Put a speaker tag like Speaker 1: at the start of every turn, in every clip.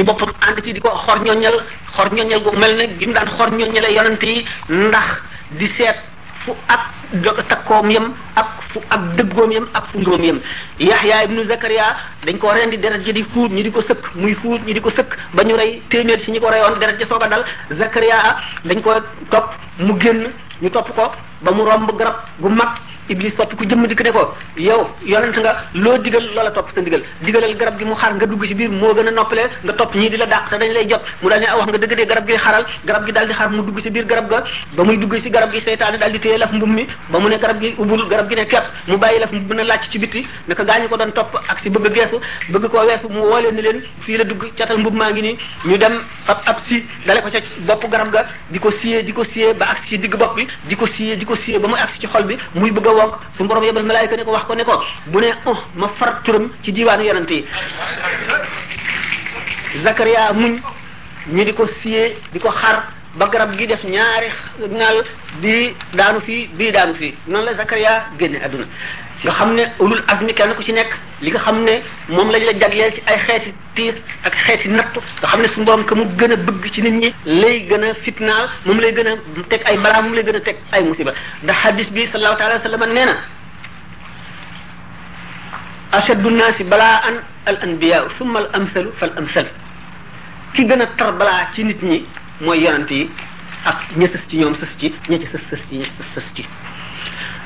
Speaker 1: ci boppam ànd ci di ko xor ñoññal xor ñoññal gu mel ne gi mu daan xor ñoññale yonent yi ndax di seet fu ak takkoom yem ak fu ak dëggoom yem ak fu ngëmam yem Yaxya ibnu Zakariya dañ ko rendi deret ji di fuut ñi di ko sëkk muy fuut ñi di ko sëkk ba ñu rey téeméer si ñu ko reyoon deret ji soog a dal Zakariya dañ ko topp mu génn ñu topp ko ba mu romb garab gu mag iblis soppi ku jëmm dikk ne ko yow yonent nga loo digal loola topp sa ndigal digalal garab gi mu xaar nga dugg ci biir moo gën a noppalee nga topp ñii di la dàq te dañ lay jot mu daal ne wax nga dëgg dee garab gi xaral garab gi daal di xaar mu dugg ci biir garab ga ba muy dugg ci garab gi seytaane daal di téye laf mbub mi ba mu ne garab gi ubul garab gi ne kepp mu bàyyi laf mbub maa ngi nii ñu dem ab ab si dale ko ca bopp garab ga di ko siyee di ko siyee ba agsi ci digg bopp bi di ko siyee ko siyee ba mu agsi ci bi woog suñu borom yebal malaayika ne ko wax ko ne ko bu ne oh ma far turam ci diiwaanu yonent yi Zakaria muñ ñu di ko siyee di ko xar ba garab gi def ñaari nal bii daanu fii bii daanu fi noonu la Zakaria génne adduna nga xam ne ulul azmi kenn ku ci nekk li nga xam ne moom lañ la jagleel ci ay xeeti tiis ak xeeti nattu nga xam ne su mboom que mu gën a bëgg ci nit ñi lay gën a fitnaal moom lay gën a teg ay balaa moom lay gën a teg ay musiba ndax hadis bi sallallahu taala wa sallam nee na ashaddu naasi balaa an al anbiyaa summa al amsalu fal amsal ki gën a tar balaa ci nit ñi mooy yonent yi ak ña sës ci ñoom sës ci ña ci sës sës ci ña ci sës sës ci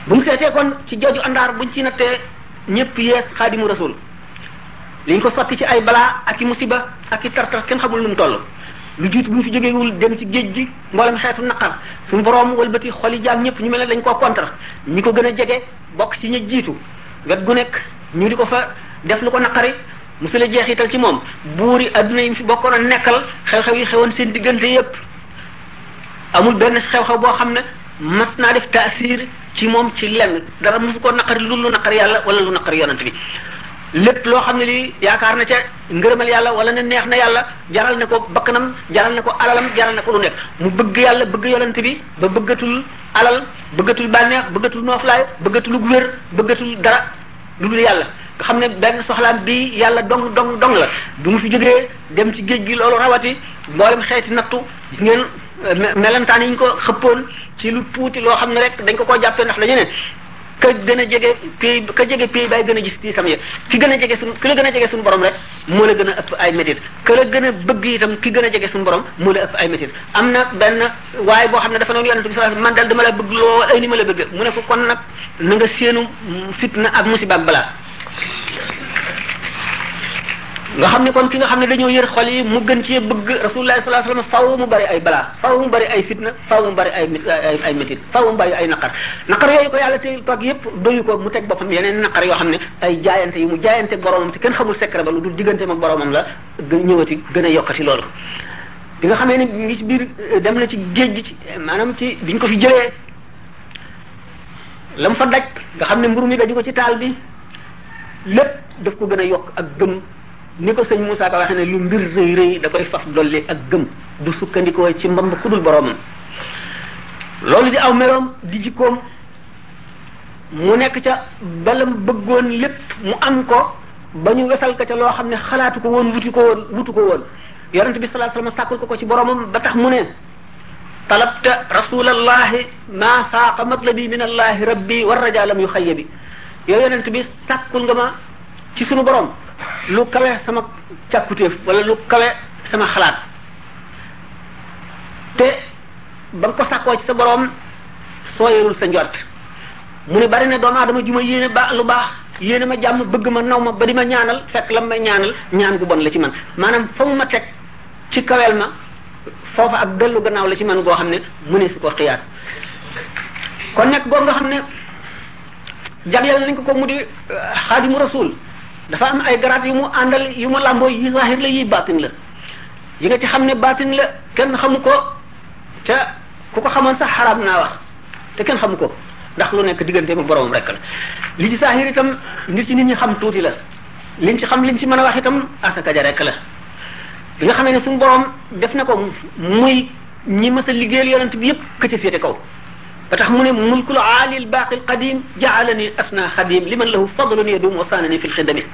Speaker 1: bu mu seetee kon ci jooju àndaar buñ ci nattee ñëpp yees xaadimu rasul liñ ko sotti ci ay balaa ak i musiba ak i tartar kenn xamul nu toll lu jiitu bu ñu fi jógeewul dem ci géej gi mboolem xeetu naqar suñu borom walbati xoli jaam ñëpp ñu mel ne dañ koo contre ñi ko gën a jege bokk ci ña jiitu wet gu nekk ñu di ko fa def lu ko naqari mu la musula jeexital ci moom buuri adduna yi mu fi bokkoon a nekkal xew-xew yi xewoon seen diggante yépp amul benn xew-xew boo xam ne mas naa def taasir ci moom ci lenn dara mosu ko naqari lu lu naqari yàlla wala lu naqari yonent bi lépp loo xam ne lii yaakaar na ca ngërëmal yàlla wala ne neex na yàlla jaral na ko bakkanam jaral na ko alalam jaral na ko lu nekk mu bëgg yàlla bëgg yonent bi ba bëggatul alal bëggatul bànneex bëggatul nooflaay bëggatul wér bëggatul dara lu dul nga xam ne benn soxlaan bi yàlla dong dong dong la bu mu fi jógee dem ci géej gi loolu rawati mboolem xeeti nattu gis ngeen euh, melentaan yi ñu ko xëppoon ci lu tuuti loo xam ne rek dañ ko koo jàppee ndax la ne ka gën a jege pay ka jege pay bay gën a gis itam ya ki gën a jege suñu ki gën a jege suñu borom rek moo la gën a ëpp ay métit ka la gën a bëgg itam ki gën a jege suñu borom moo la ëpp ay métit am na benn waaye boo xam ne dafa noonu yonent bi sallallahu alayhi wasallam man daal dama la bëgg loo ay ni ma la bëgg mu ne ko kon nag na nga séenu fitna ak musiba ak balaa nga xam ne kon ki nga xam ne dañoo yër xol yi mu gën cee bëgg rasulullah sallallahu alayhi wasallam faw mu bari ay balaa faw mu bari ay fitna faw mu bari ay ay métit faw mu bari ay naqar naqar yooyu ko yàlla te toog yépp doyu ko mu teg boppam yeneen naqar yoo xam ne ay jaayante yu mu jaayante boromam te kenn xamul secret ba lu dul digganteem ak boromam la ñëwati gën a yokkati loolu bi nga xamee ne bi ngi ci biir dem na ci géej gi ci maanaam ci biñ ko fi jëlee la fa daj nga xam ne mburu mi daju ko ci taal bi lépp daf ko gën a yokk ak gëm ni ko sëñ Moussa Ka waxee ne lu mbir rëy rëy da koy faf dolli ak gëm du sukkandikoo ci mbamb ku dul boroomam loolu di aw meloom di jikkoom mu nekk ca balam bëggoon lépp mu am ko ba ñu wesal ko ca loo xam ne xalaatu ko woon wuti ko woon wutu ko woon yonent bi sallallahu alayhi wasallam sàkkul ko ko ci boroomam ba tax mu ne talabta rasulallahi ma faaqa matlabi min allahi rabbi war raja lam yu xayya bi yow yonent bi sàkkul nga ma ci suñu borom lu kawe sama càkkutéef wala lu kawe sama xalaat te ba nga ko sàkkoo ci sa borom sooyelul sa njot mu ne bari na doomu aadama ju ma yéene ba lu baax yéene ma jàmm bëgg ma naw ma ba di ma ñaanal fekk lam may ñaanal ñaan gu bon la ci man maanaam fa mu ma teg ci kaweel ma foofa ak dellu gannaaw la ci man goo xam ne mu ne su ko xiyaat kon nag boo nga xam ne jagleel nañ ko ko mu di euh, xaadimu rasul dafa am ay garaat yu mu àndal yu mu làmboo yi zahir la yi baatin la yi nga ci xam ne baatin la kenn xamu ko te ku ko xamoon sax xaraam naa wax te kenn xamu ko ndax lu nekk diggante ma boromam rek la li ci zahir itam nit ci nit ñi xam tuuti la liñ ci xam liñ ci mën a wax itam asaka ja rek la bi nga xamee ne sum borom def na ko muy ñi mës liggéey liggéeyal yonent bi yëpp ka ca féete kaw ba tax mu ne mulkul aalil baaqil qadim jaalani asna xadim liman lahu fadlun yadum wasaanani fil xidami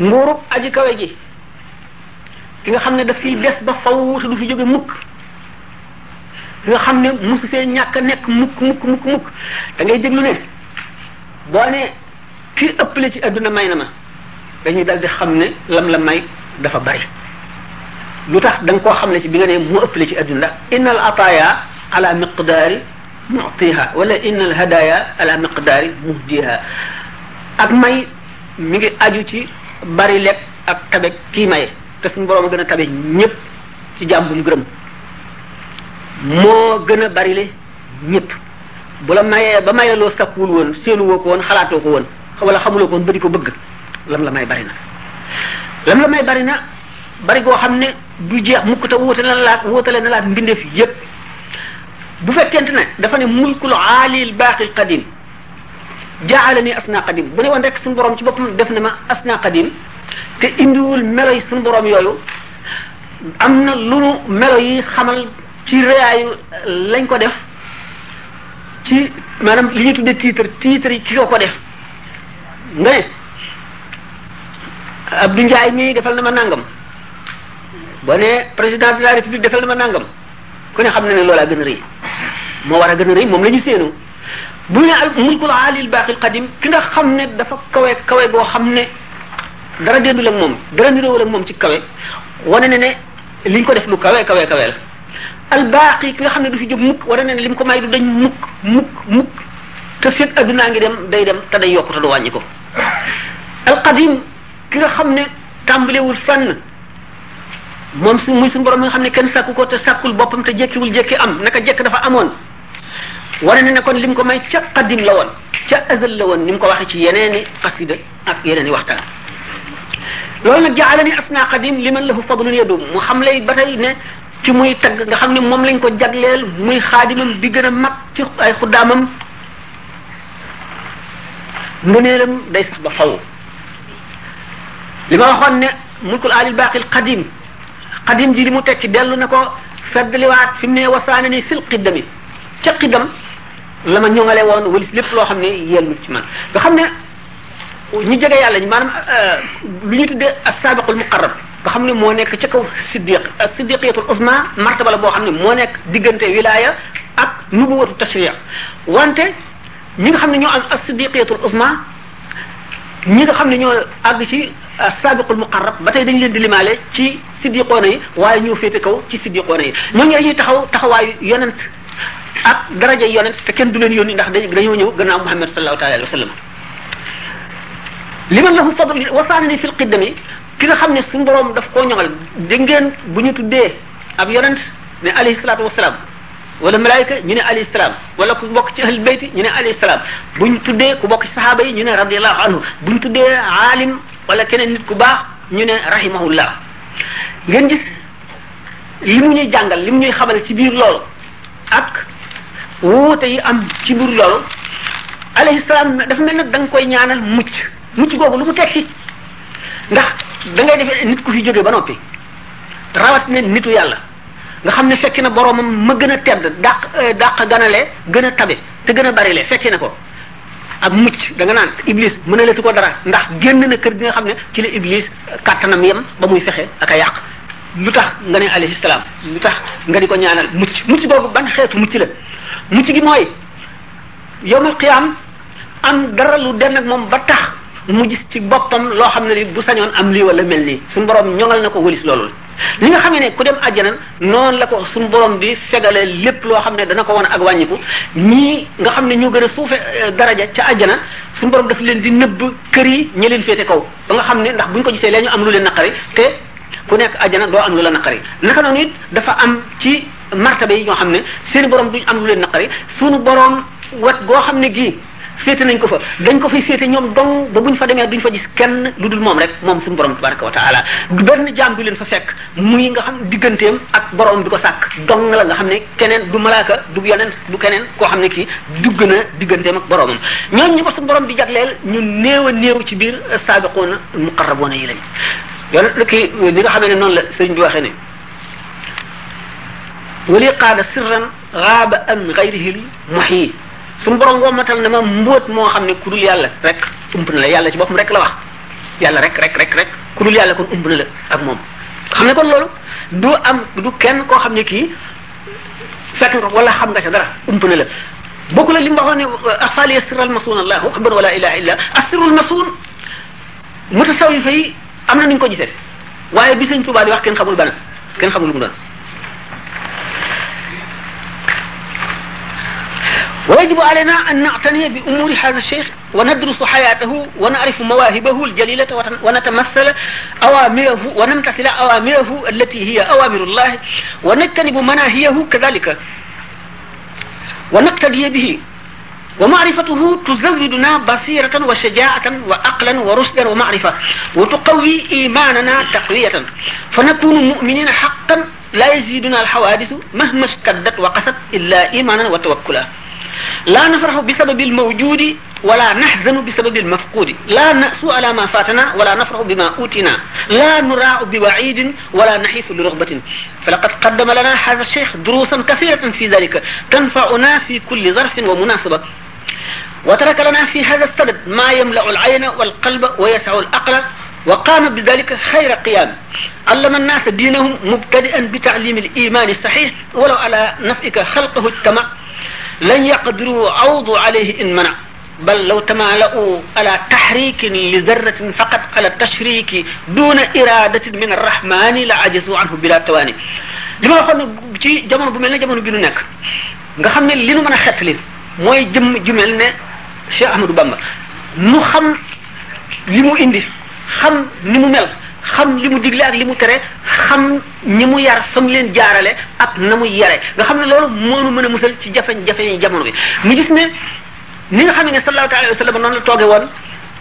Speaker 1: nguurub aji kawe gi ki nga xam ne daf fiy des ba faw te du fi jóge mukk ki xam ne mosu fee ñàkk a nekk mukk mukk muk mukk da ngay déglu ne boo ne kii ëppale ci adduna may na ma dañuy dal di xam ne lam la may dafa bari lu tax da koo xam ne ci bi nga ne moo ëppale ci adduna innal ataaya ala miqdaari mu'tiha wala inna al hadaya ala miqdaari muhdiha ak may mi ngi aju ci bari lekk ak tabe kii maye te suñu borom a gën a tabe ñëpp ci jaam bu ñu gërëm moo gën a barile ñëpp bu la mayee ba mayeloo sakkuwul woon seenu ko woon xalaatoo ko woon wala xamuloo ko woon ba ko bëgg lam la may bari na lam la may bari na bari koo xam ne du jeex mukk te wóotale na laat wóotale na laat mbindeef yépp bu fekkente ne dafa ne mulkul aalil baaqi qadim jaala ni asna qadim bu ne woon rek suñu borom ci boppam def na ma asna qadim te indiwul melo yi suñu borom yooyu am na lu nu melo yi xamal ci réyaayu lañ ko def ci maanaam li ñu tudde titre titre yi ki ko ko def nga ne Abdou Ndiaye mii defal na ma nangam boo ne président de la république defal na ma nangam ko ne xam na ne loolaa gën a rëy moo war a gën a moom la ñu séenu bu ne al mulkul aalil baaqil qadim ki nga xam ne dafa kawe kawe goo xam ne dara déndul ak moom dara niroowul ak moom ci kawe wane ne ne liñ ko def lu kawe kawe kawe la al baaqi ki nga xam ne du fi jóg mukk wane ne li mu ko may du dañ mukk mukk mukk te fekk addunaa ngi dem day dem te day yokk te du wàññi ko al qadim ki nga xam ne tàmbalewul fenn moom su muy suñu borom mi nga xam ne kenn sàkku ko te sàkkul boppam te jekkiwul jekki am naka jekk dafa amoon wane ne ne kon li mu ko may ca qadim la woon ca azal la woon ni mu ko waxee ci yeneeni qasida ak yeneeni waxtaan loolu nag jaalani asna qadim liman lahu fadlun yadum mu xam lay ba tey ne ci muy tagg nga xam ne moom lañ ko jagleel muy xaadimam bi gën a mag ci ay xuddaamam ngëneelam day sax ba faw li ma waxoon ne mulkul alil baaqil qadim xadim ji li mu tekki dellu na ko feddliwaat fi mu ne wasaana ni fil xiddami ca xiddam la ma ñoŋale woon walis lépp loo xam ne yellu ci man nga xam ne ñi jege yàlla ñi maanaam euh, lu ñu tuddee as-sabiqul muqarrab nga xam ne moo nekk ca kaw siddiq as-siddiqiyatul uzma martaba la boo xam ne moo nekk diggante wilaya ak nubuwatu tashriya wante ñi nga xam ne ñoo am as-siddiqiyatul uzma nga xam ne ñoo àgg ci as-sabiqul muqarrab ba tey dañu leen di limaale ci siddiqoona yi waaye ñoo féete kaw ci siddiqoona yi ñooñu dañuy taxaw taxawaayu yonent ak daraja yonent te kenn du leen yónni ndax dañoo ñëw gannaaw Muhammad sallallahu taala alayhi wa sallam liman lahu fadl wasaanani fil qiddami ki nga xam ne suñu borom daf koo ñoŋal dégg ngeen bu ñu tuddee ab yonent ne alayhi salaatu wasalaam wala malaayika ñu ne alayhi salaam wala ku bokk ci ahlul bayti ñu ne alayhi salaam bu ñu tuddee ku bokk ci saxaaba yi ñu ne radiyallahu anhu bu ñu tuddee aalim wala keneen nit ku baax ñu ne rahimahullah ngeen gis li mu ñuy jàngal li mu ñuy xamal ci biir loolu ak woote yi am ci biir loolu alayhi salaam dafa mel nag da koy ñaanal mucc mucc googu lu mu tekki ndax da ngay defee nit ku fi jóge ba noppi rawat ne nitu yàlla nga xam ne fekki na boromam ma gën a tedd dàq dàq ganale gën a tabe te gën a barile le fekki na ko ak mucc da nga naan iblis mënalatu ko dara ndax génn na kër gi nga xam ne ci la iblis kàttanam yem ba muy fexe ak a yàq lu tax nga ne alayhi salaam lu tax nga di ko ñaanal mucc mucc boobu ban xeetu mucc la mucc gi mooy yowmal qiyaam am dara lu dem ak moom ba tax mu gis ci boppam loo xam ne li bu sañoon am lii wala mel nii suñu borom ñoŋal na ko wëlis loolu li nga xam ne ku dem àjjana noonu la ko suñu borom bi fegale lépp loo xam ne dana ko wan ak wàññiku ñii nga xam ne ñoo gën a suufe euh, daraja ca àjjana suñu borom daf leen di nëbb kër yi ñi leen féete kaw ba nga xam ne ndax bu ñu ko gisee lee ñu am lu leen naqari te ku nekk àjjana doo am lu la naqari naka noonu it dafa am ci martaba yi ñoo xam ne seen borom duñ am lu leen naqari suñu borom wat goo xam ne gii féete nañ ko fa dañ ko fay féete ñoom dong ba buñ fa demee duñ fa gis kenn lu dul moom rek moom suñu borom tabaraka wa taala benn jaam du leen fa fekk mu muy nga xam digganteem ak borom bi ko sàkk dong la nga xam ne keneen du malaaka du yeneen du keneen koo xam ne kii dugg na digganteem ak boromam ñooñu ñu ko suñu borom di jagleel ñu néew a néew ci biir saabiquuna muqarrabuuna yi lañ yoon kii li nga xam ne noonu la sëñ bi waxe ne wali qaada sirran raaba suñu ma wommatal na ma mbóot moo xam ne ku yàlla rek ump na la yàlla ci boppam rek la wax yàlla rek rek rek rek ku dul yàlla kon ump na la ak moom. xam ne kon loolu du am du kenn koo xam ne kii fekk nga wala xam nga ca dara ump na la bokku la li mu waxoon ne axfaali asiral masuun allahu akbar wala ilaha illa asirul masuun mutasawifa yi am na nu ñu ko gisee waaye bi sëñ Tuubaa di wax kenn xamul ban kenn xamul lu ويجب علينا أن نعتني بأمور هذا الشيخ وندرس حياته ونعرف مواهبه الجليلة ونتمثل أوامره ونمتثل أوامره التي هي أوامر الله ونجتنب مناهيه كذلك ونقتدي به ومعرفته تزودنا بصيرة وشجاعة وعقلا ورشدا ومعرفة وتقوي إيماننا تقوية فنكون مؤمنين حقا لا يزيدنا الحوادث مهما اشتدت وقست إلا إيمانا وتوكلا laa nafraxu bi sababil mawjudi wala naxzanu bi sababil mafqudi laa nasu ala ma faatana wala nafraxu bi ma utina laa nuraau bi waidin wala naxiisu li rugbatin fa laqad qaddama lana hada cheikh durusan kasiratan fi dalika tanfauna fi kulli zarfin wa munasaba wa taraka lana fi hada sadad ma yamlau alayna walqalba wa yasau alaqla وقام بذلك خير قيام علم الناس دينهم مبتدئا بتعليم الإيمان الصحيح ولو على نفعك خلقه التمع لن يقدروا عوضوا عليه إن منع بل لو تمالؤوا على تحريك لذرة فقط على التشريك دون إرادة من الرحمن لعجزوا عنه بلا تواني li ma waxoon ne ci jamono bu mel ne jamono bi nu nekk nga xam ne li nu mën a xettali mooy jëm ju mel ne Cheikh Ahmadou Bamba nu xam li mu indi xam ni mu mel xam li mu digle ak li mu tere xam ñi mu yar fa leen jaarale ak na mu yare nga xam ne loolu moonu mën a musal ci jafe-jafe yi jamono bi mu gis ne ni nga xam ne sallallahu alayhi wa sallam noonu la tooge woon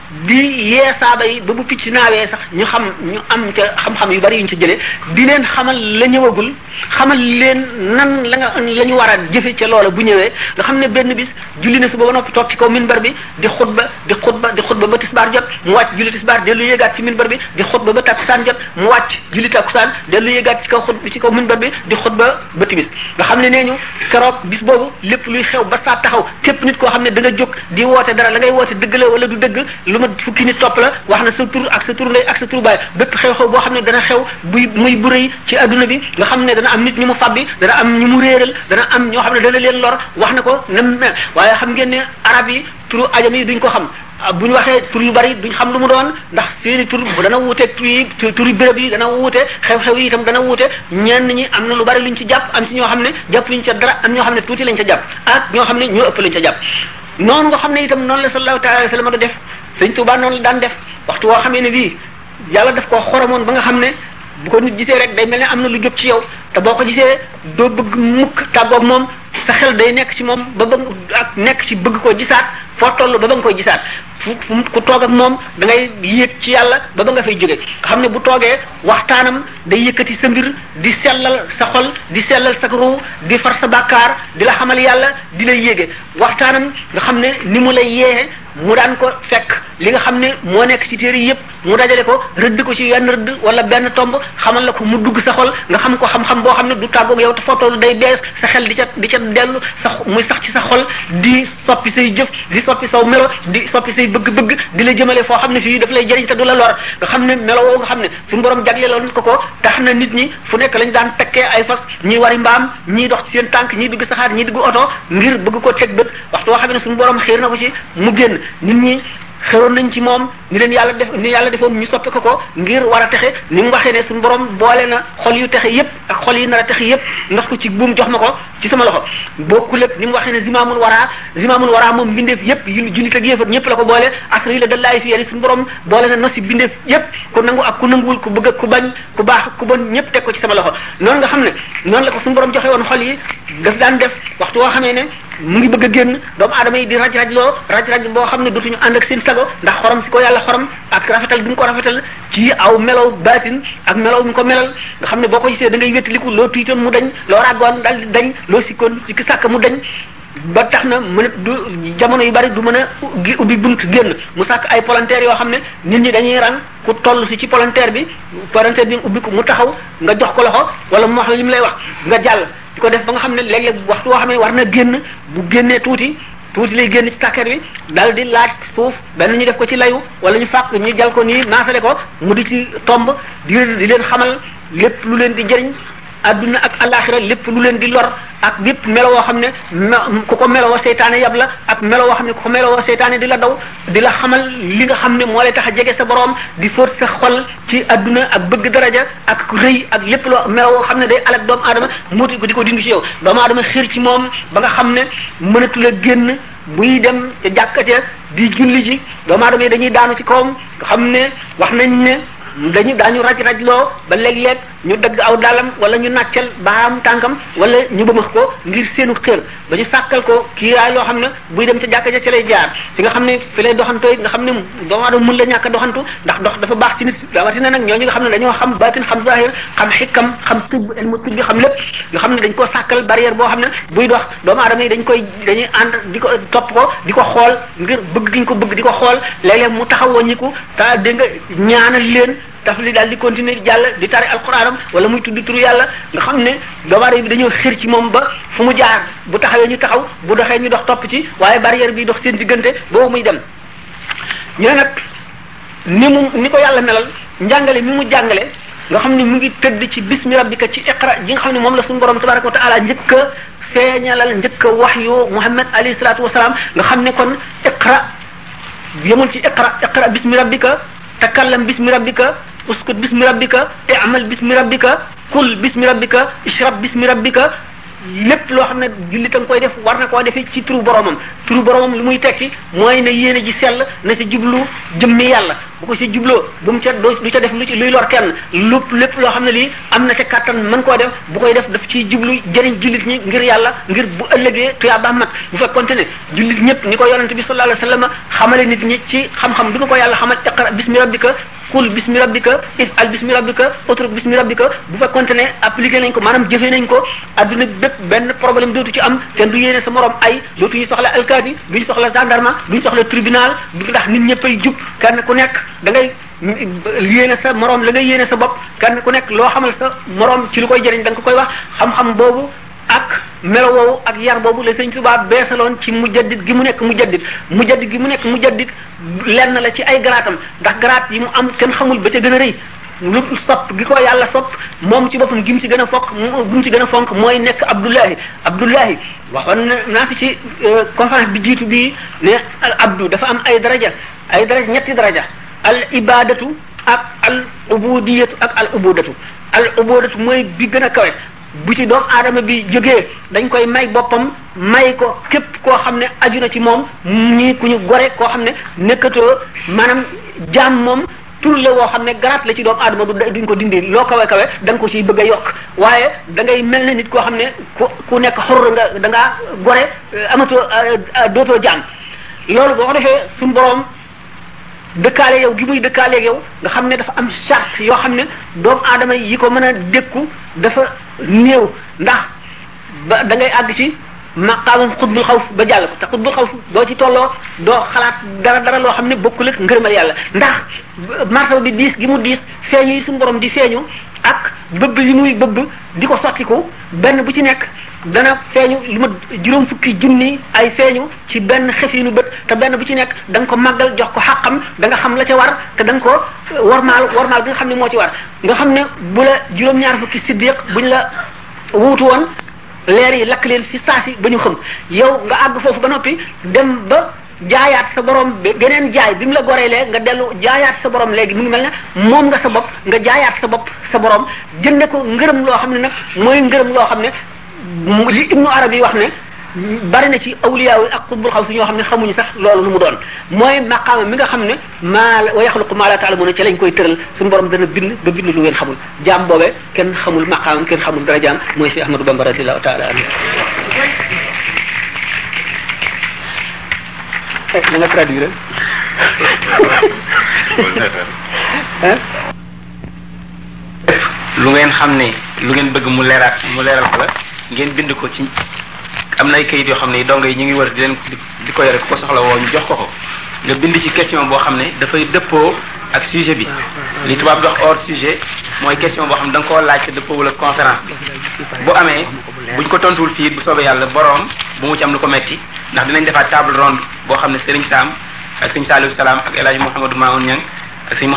Speaker 1: di yee saaba yi ba bu picc naawee sax ñu xam ñu am ca xam-xam yu bari yu ñu ci jëlee di leen xamal la ñëwagul xamal leen nan la nga la ñu war a jëfe ca loola bu ñëwee nga xam ne benn bis julli na suba ba noppi toog ci kaw minbar bi di xutba di xutba di xutba ba tisbaar jot mu wàcc julli tisbaar bi di xutba ba takkusaan jot mu wàcc julli takkusaan dellu yéegaat ci kaw xut ci kaw minbar bi di xutba ba timis nga xam ne nee ñu keroog bis boobu lépp luy xew ba saa taxaw képp nit koo xam ne da nga jóg di woote dara la ngay woote dëgg la wala du dëgg lu mat fukki nit topp la wax na sa tur ak sa tur ndey ak sa tur baay bépp xew-xew boo xam ne dana xew muy bu rëy ci adduna bi nga xam ne dana am nit ñu mu bi dana am ñu mu réeral dana am ñoo xam ne dana leen lor wax na ko nem waaye xam ngeen ne arab yi turu ajam yi duñ ko xam ah, bu ñu waxee tur yu bari duñ xam lu mu doon ndax seeni tur dana wuute tur yi tur yu béréb yi dana wuute xew-xew yi itam dana wuute ñenn ñi na lu bari luñ ci jàpp am ci ñoo xam ne jàpp luñ ca dara am ñoo xam ne tuuti lañ ca jàpp ak ñoo xam ne ñoo ëpp lañ ca jàpp noonu nga xam ne itam noonu la sallallahu taala alayhi wa sallam def sëñ Tuubaa noonu la daan def waxtu woo xamee ne bii yàlla def koo xoromoon ba nga xam ne bu ko nit gisee rek day mel ne am na lu jóg ci yow te boo ko gisee doo bëgg mukk tàggoog moom sa xel day nekk ci moom ba bëgg ak nekk ci bëgg ko gisaat foo toll ba ba nga koy gisaat fu ku toog ak moom dangay yéeg ci yàlla ba ba nga fay jóge nga xam ne bu toogee waxtaanam day yëkkati sa mbir di sellal sa xol di sellal sa ruu di far sa bàkkaar di la xamal yàlla di la yéege waxtaanam nga xam ne ni mu lay yee mu daan ko fekk li nga xam ne moo nekk ci téere yépp mu dajale ko rëdd ko ci yenn rëdd wala benn tomb xamal la ko mu dugg sa xol nga xam ko xam-xam boo xam ne du tàggoog yow te footoolu day bees sa xel di ca di ca dellu sa muy sax ci sa xol di soppi say jëf di soppi saw melo di soppi say bëgg-bëgg di la jëmale foo xam ne fii daf lay jëriñ te du la lor xam ne melo nga xam ne suñu borom jagleeloon ko ko tax na nit ñi fu nekk lañu daan tekkee ay fas ñii wari mbaam ñii dox ci seen tànk ñii dugg saxaar ñii dugg oto ngir bëgg ko teg bët waxtu woo xam ne suñu borom xiir na ko ci mu génn nit ñi xeroon nañ ci moom ni leen yàlla def ni yàlla defoon ñu soppi ko ko ngir war a texe ni mu ne suñu borom boole na xol yu texe yépp ak xol yi nar a texe yépp ndos ko ci buum jox ma ko ci sama loxo bokkul ak ni mu waxee ne zimaamul waraa zimaamul waraa moom mbindeef yépp yu jullit ak yéefar ñépp la ko boole boole na nos yi mbindeef yépp ku nangu ak ku nanguwul ku bëgg ak ku bañ ku baax ku bon ñépp teg ko ci sama loxo noonu nga xam ne noonu la ko suñu borom joxe woon xol yi gas daan def waxtu woo xamee ne mu ngi bëgg a génn doomu aadama yi di raj raj loo raj raj boo xam ne dootuñu ànd ak seen sago ndax xorom si ko yàlla xorom ak rafetal bi mu ko rafetal ci aw melaw baatin ak melaw mi ko melal nga xam ne boo ko gisee da ngay wéttaliku loo tiitoon mu dañ loo ràggoon dal di dañ loo sikkoon si ki sàkk mu dañ ba tax na mën du jamono yu bari du mën a ubbi bunt génn mu sàkk ay palanteer yoo xam ne nit ñi dañuy rang ku toll si ci palanteer bi palanteer bi ubbi ko mu taxaw nga jox ko loxo wala mu wax li mu lay wax nga jàll di ko def ba nga xam ne léeg-léeg waxtu woo xam war na génn bu génnee tuuti tuuti lay génn ci kàkkeer wi dal di laaj suuf benn ñu def ko ci layu wala ñu fàq ñu jal ko nii naafale ko mu di ci tomb di di leen xamal lépp lu leen di jëriñ adduna ak alaxira lépp lu leen di lor ak lépp melo woo xam ne ku ko meloo seytaane yab la ak melo woo xam ne ku ko meloo seytaane di la daw di la xamal li nga xam ne moo lay tax a jege sa boroom di fóot sa xol ci adduna ak bëgg daraja ak rëy ak lépp loo melo woo xam ne day alak doomu aadama muuti ko di ko dindi ci yow doomu aadama xiir ci moom ba nga xam ne mënatu la génn buy dem ca jàkka ca di julli ji doomu aadama yi dañuy daanu ci kawam nga xam ne wax nañ ne dañu daañu raj rajloo ba léeg-léeg ñu dagg aw dalam wala ñu nàccal baam tànkam wala ñu bëmax ko ngir seenu xër ba ñu sàkkal ko kiiraay yoo xam ne buy dem ca jàkka ja ca lay jaar fi nga xam ne fi lay doxantooy nga xam ne doomu aadama mën la ñàkk a doxantu ndax dafa baax ci nit rawatina nag ñooñu nga xam ne dañoo xam baatin xam zahir xam xikam xam tibb ilmu tibb xam lépp yoo xam ne dañ koo sàkkal barrière boo xam ne buy dox doomu aadama yi dañ koy dañuy ànd di ko topp ko di ko xool ngir bëgg giñ ko bëgg di ko xool léeg-léeg mu taxaw waññiku ta dégg nga ñaanal leen taf li daal di continuer di jàll di tari alxuraanam wala muy tudd turu yàlla nga xam ne gabaare bi dañoo xir ci moom ba fu mu jaar bu taxawee ñu taxaw bu doxee ñu dox topp ci waaye barrière bi dox seen diggante boobu muy dem ñu nag ni mu ni ko yàlla melal njàngale mi mu jàngale nga xam ne mu ngi tëdd ci bismi rabbika ci iqra ji nga xam ne moom la suñu borom tabaraka wa taala njëkk a feeñalal njëkk a wax yu muhammad alayhi salaatu wasalaam nga xam ne kon iqra yemul ci iqra iqra bismi rabbika takallam bismi rabbika uskut bismi rabbika i'mal bismi rabbika kul bismi rabbika ishrab bismi rabbika lépp loo xam ne jullitam koy def war na koo defee ci turu boromam turu boromam lu muy tekki mooy na yéene ji sell na ci jublu jëmmi yàlla bu ko ci jubloo bu mu ca du ca def lu ci luy lor kenn lépp lépp loo xam ne lii am na ca kàttan mën koo def bu koy def daf ciy jublu jëriñ jullit ñi ngir yàlla ngir bu ëllëgee tuyaabaam mag bu fekkonte ne jullit ñëpp ni ko yonente bi sallallahu alayhi wasallam xamale nit ñi ci xam-xam du nga ko yàlla xamal iqra bi rabbika kul bismi rabbika if al bismi rabbika utruk bismi rabbika bu fekkonte ne appliqué nañ ko maanaam jëfee nañ ko adduna bépp benn problème dootu ci am kenn du yéen sa morom ay dootu ñu soxla alkaati duñ soxla gendarme duñ soxla tribunal du ndax nit ñëppay jub kenn ku nekk da ngay yéene sa moroom la ngay yéene sa bopp kenn ku nekk loo xamal sa moroom ci lu koy jëriñ da nga ko koy wax xam-xam boobu ak melo woowu ak yar boobu la sëñ Tuubaa beesaloon ci mujaddid gi mu nekk mujaddid mujaddid gi mu nekk mujaddid lenn la ci ay garaatam ndax garaat yi mu am kenn xamul ba ca gën a rëy lu sopp gi ko yàlla sopp moom ci boppam gi mu ci gën a fokk gi mu ci gën a fonk mooy nekk Abdullahi Abdullahi waxoon naa fi ci euh, conférence bi jiitu bii ne al abdu dafa am ay daraja ay daraja ñetti daraja al ibadatu ak al ubudiyatu ak al ubudatu al ubudatu mooy bi gën a kawe bu ci doomu aadama bi jógee dañ koy may boppam may ko képp koo xam ne aju na ci moom ñii ku ñu gore koo xam ne nekkatoo maanaam jaam moom tur la woo xam ne garaat la ci doomu aadama du duñ ko dindi loo kawe kawe da ko ciy bëgg a yokk waaye dangay mel na nit koo xam ne ku ku nekk xor nga da ngaa gore amatoo euh, euh, dootoo jaam loolu boo ko defee suñu borom. dëkkaale yow gi muy dëkkaaleeg yow nga xam ne dafa am charte yoo xam ne doomu aadama yi ko mën a dékku dafa néew ndax ba da ngay àgg ci maqaamam xutbul xaw ba jàll ko te xutbul xawf doo ci tolloo doo xalaat dara dara loo xam ne bokkul ak ngërëmal yàlla ndax martaba bi diis gi mu diis feeñu yi suñu borom di feeñu ak bëbb yi muy bëbb di ko sottiku benn bu ci nekk dana feeñu lu ma juróom fukki junni ay feeñu ci benn xefinu bët te benn bu ci nekk da ko maggal jox ko xàqam da nga xam la ca war te da nga ko war warmaal bi nga xam ne moo ci war nga xam ne bu la juróom-ñaar fukki siddiq buñ la wuutu woon leer yi lakk leen fi saasi ba ñu xam yow nga àgg foofu ba noppi dem ba jaayaat sa borom geneen jaay bi mu la goree nga dellu jaayaat sa borom léegi mu ngi mel ne moom nga sa bopp nga jaayaat sa bopp sa borom jënde ko ngërëm loo xam ne nag mooy ngërëm loo xam ne li ibnu arab yi wax ne bari na ci awliyaawul ak xutbul xaw si ñoo xam ne xamuñu sax loolu lu mu doon mooy maqaama mi nga xam ne maa wa yaxluqu maa laa ta'lamuuna ca lañ koy tëral suñu borom dana bind bind lu ngeen xamul jaam boobee kenn xamul maqaamam kenn xamul dara jaam mooy si Ahmadou Bamba radiyallahu taala anhu eh, na traduire
Speaker 2: lu ngeen xam ne lu ngeen bëgg mu leeraat ngeen bind ko ci am na ay kayit yoo xam ne dongo yi ñu ngi wër di leen di ko yore ku ko soxla woo ñu jox ko ko nga bind ci question boo xam ne dafay dëppoo ak sujet bi li tubaab dox or sujet mooy question boo xam ne da nga koo laaj te dëppoo wala conférence bi bu amee buñ ko tontuwul fii bu soobee yàlla boroom bu mu ci am lu ko metti ndax dinañ defaat table ronde boo xam ne Serigne Sam ak Serigne Saliou Salam ak El Hadj Mouhamadou Maoun Niang ak Serigne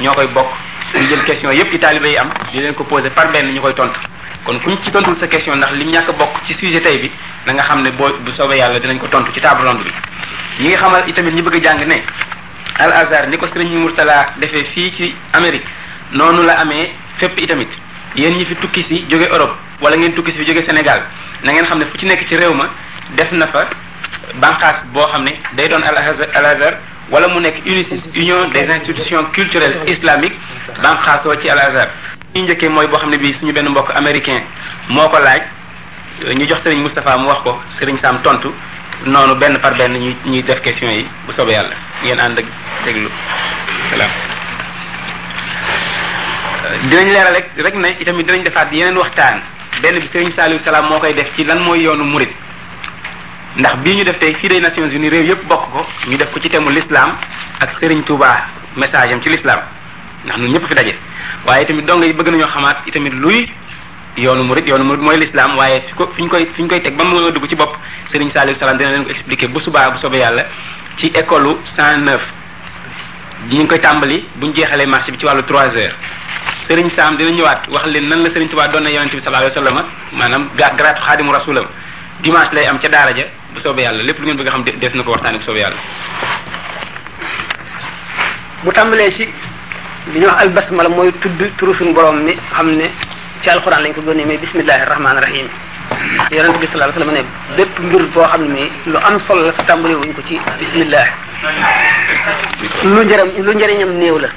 Speaker 2: ñoo koy bokk ñu jël question yépp yi taalibe yi am di posé par ñu koy tontu. kon ñu ci tontul sa question ndax lim ñàkk bokk ci sujet tey bi na xam ne boo bu soobee yàlla dinañ ko tontu ci table ronde bi ñi ngi xamal itamit ñi bëgg a jàng ne al azhar ni ko sëriñ Murtala defee fii ci amerique noonu la amee fépp itamit yéen ñi fi tukki si jóge Europe wala ngeen tukki si fi jóge Sénégal na ngeen xam ne fu ci nekk ci réew ma def na fa banqaas boo xam ne day doon al azhar wala mu nekk UNICIS union des institutions culturelles islamiques banqaasoo ci al azhar ñu njëkkee mooy boo xam ne bii suñu benn mbokk américain moo ko laaj ñu jox Serigne Moustapha mu wax ko Serigne Sam tontu noonu benn par benn ñuy def question yi bu soobee yàlla ngeen ànd ak déglu salaam. dinañ leeral rek rek ne itamit dinañ defaat yeneen waxtaan benn bi Serigne Saliou Salam moo koy def ci lan mooy yoonu murid ndax bii ñu def tey fii day Nations Unies réew yëpp bokk ko ñu def ko ci temu lislaam ak Serigne tuuba message am ci lislaam ndax ñun ñëpp daje. waaye tamit dong yi bëgg nañoo xamaat itamit luy yoonu murid yoonu murid mooy lislaam waaye fi ko fi ñu koy fi ñu koy teg ba mu nga dugg ci bopp Serigne Saliou Salam dina leen ko expliquer bu subaa bu soobee yàlla ci école ñu ngi koy tàmbali bu ñu jeexalee marché bi ci wàllu trois heures Serigne Sam dina ñëwaat wax leen nan la Serigne Touba doon na yonente bi sallallahu alayhi wasallam maanaam ga garaatu xaadimu rasulam dimanche lay am ca daara ja bu soobee yàlla lépp lu ngeen bëgg a xam des na ko waxtaanee bu soobee yàlla.
Speaker 1: bu li ñuy wax albasmala mooy tudd turu suñu borom mi xam ne ci alxuraan lañ ko gënee mais bismillahi rahmaani rahim yonent bi sallallahu alayhi wasallam ne bépp mbir boo xam ne mi lu am solo la te tàmbali wuñ ko ci bismillah lu njëram lu njëriñam néew la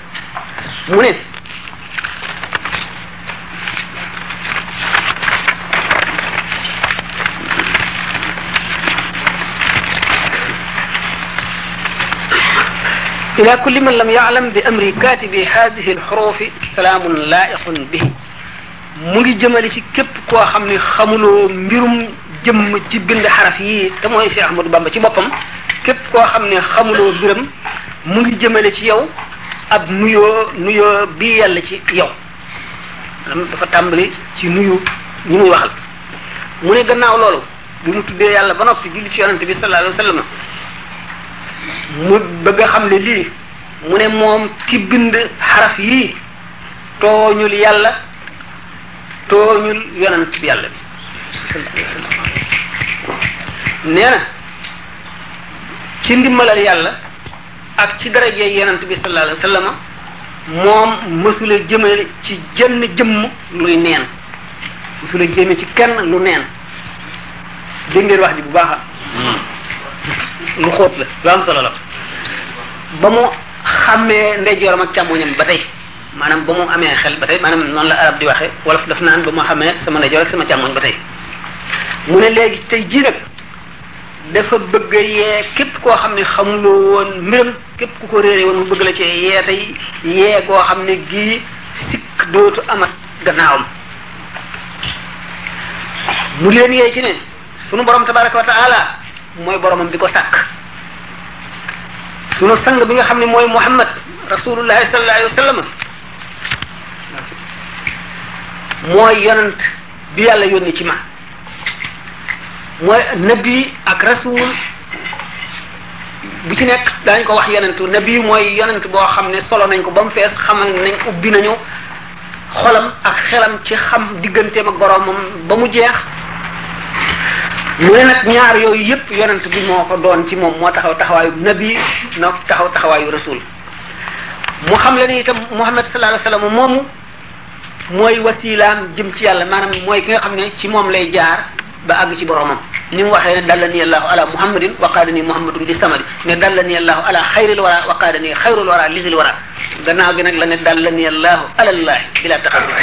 Speaker 1: ila kulli man lam yaalam bi amri kaatibi haadihi lxurufi salaamun laaiqun bihi mu ngi jëmale ci képp koo xam ne xamuloo mbirum jëmm ci bind xaraf yi te mooy Cheikh Ahmadou Bamba ci boppam képp koo xam ne xamuloo mbiram mu ngi jëmale ci yow ab nuyoo nuyoo bii yàlla ci yow lam dafa tàmbali ci nuyu ñi muy waxal mu ne gannaaw loolu bi mu tuddee yàlla ba noppi julli ci yonante bi sallallahu alayhi wa sallam mu bëgg xam ne lii mu ne moom ki bind xaraf yii tooñul yàlla tooñul yonent bi yàlla bi nee ci ndimbalal yàlla ak ci daraje yonent bi sallallahu alayhi moom mësula jëmale ci jenn jëmm luy neen mësula jëme ci kenn lu neen dégg ngeen wax ji bu baax lu xóot la lu am solo la ba mu xàmmee ndeyjooram ak càmmoñam ba tey maanaam ba mu amee xel ba tey maanaam noonu la arab di waxe wolof def naan ba mu xamee sama ndeyjoor ak sama càmmoñ ba tey mu ne léegi tey jii nag dafa bëgg yee képp koo xam ne xamuloo woon mbiram képp ku ko réere woon mu bëgg la ci yee tey yee goo xam ne gi sikk dootu amat gannaawam mu leen yee ci ne sunu borom tabaraka wa mooy boromam bi ko sàkk sunu sang bi nga xam ne mooy muhammad rasulullahi sallallahu alayhi wa sallam mooy yonent bi yàlla yónni ci ma mooy ak rasul bu ci nekk daañu ko wax yonentu nabi mooy yonent boo xam ne solo nañ ko ba mu fees xamal nañ ubbi nañu xolam ak xelam ci xam digganteem ak boromam ba mu jeex mu ne nag ñaar yooyu yëpp yonent bi moo ko doon ci moom moo taxaw taxawaayu nabi noo taxaw taxawaayu rasul mu xam la ni itam Muhammad sallallahu moom wasallam moomu mooy wasilaam jëm ci yàlla maanaam mooy ki nga xam ne ci moom lay jaar ba àgg ci boromam ni mu waxee ne dalla ni allahu ala muhammadin waqaadani muhammadun di samadi ne dalla ni allahu ala xayril wara waqaadani xayrul wara lisil wara gannaaw gi nag la ne dalla ni allahu ala llahi bila taxarruf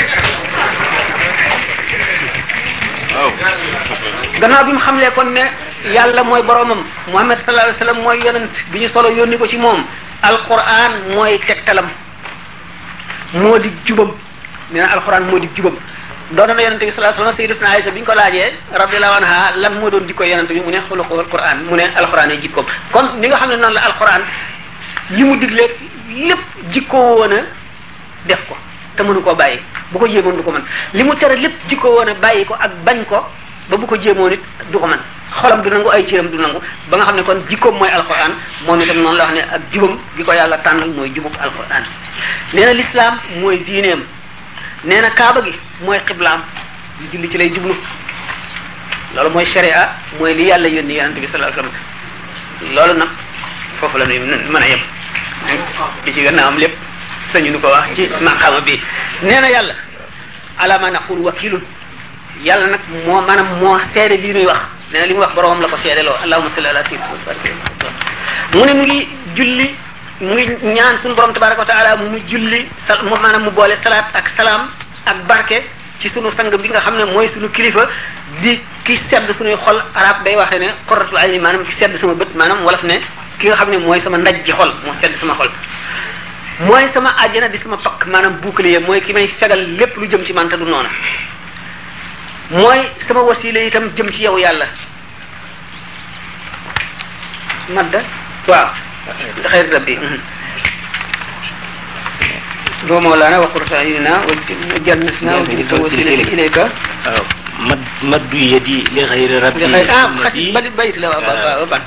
Speaker 1: gannaaw bi mu xam lee kon ne yàlla mooy boromam muhammad sallallahu alayhi wasallam mooy yonent bi ñu solo yónni ko ci moom alquran mooy tegtalam moo di jubam nee na alquran moo di jubam doonoon na yonente bi sallallahu alayhi wasallam sayyidatuna Aisha bi ñu ko laajee radiyallahu anha lan moo doon jikko yonente bi mu ne xuluqu alquran mu ne alquran ay jikkoom kon ni nga xam ne noonu la alquran yi mu digle lépp jikko woon def ko te mënu koo bàyyi bu ko jéemoon du ko man li mu tere lépp jikko woon a bàyyi ko ak bañ ko ba bu ko jéemoon it du ko mën xolam du nangu ay cëram du nangu ba nga xam ne kon jikkoom mooy alquran moom itam noonu la wax ne ak jubam gi ko yàlla tànnal mooy jubub alquran nee na lislaam mooy diineem nee na kaaba gi mooy xiblaam ñu julli ci lay jublu loolu mooy sharia mooy li yàlla yónni yonent bi sallallahu alayhi wasallam loolu nag foofu la ñuy mën a li ci gën a am lépp sañu ñu ko wax ci maqaama bi nee na yàlla ala na naqul wakilun yàlla nag moo maanaam moo seede lii nuy wax nee li mu wax boroom la ko seede loo allahumma salli ala sayyidina mu ne mu julli mu ñaan suñu borom tabaraka wa taala mu julli sa mu maanaam mu boole salaat ak salaam ak barke ci sunu sang bi nga xam ne mooy sunu kilifa di ki sedd sunuy xol arab day waxe ne xoratu ayni maanaam ki sedd sama bët maanaam wolof ne ki nga xam ne mooy sama ndaj ji xol moo sedd sama xol mooy sama àjjana di sama pakk maanaam bouclier mooy ki may fegal lépp lu jëm ci man te du noona mooy sama wasile itam jëm ci yow yàlla la waaw xayr rabbi doo wa qurta wa jannatna wa ilayka
Speaker 2: mad maddu yadi li xayri rabbi ah xasi ba bayit la waaw ah, waaw ah.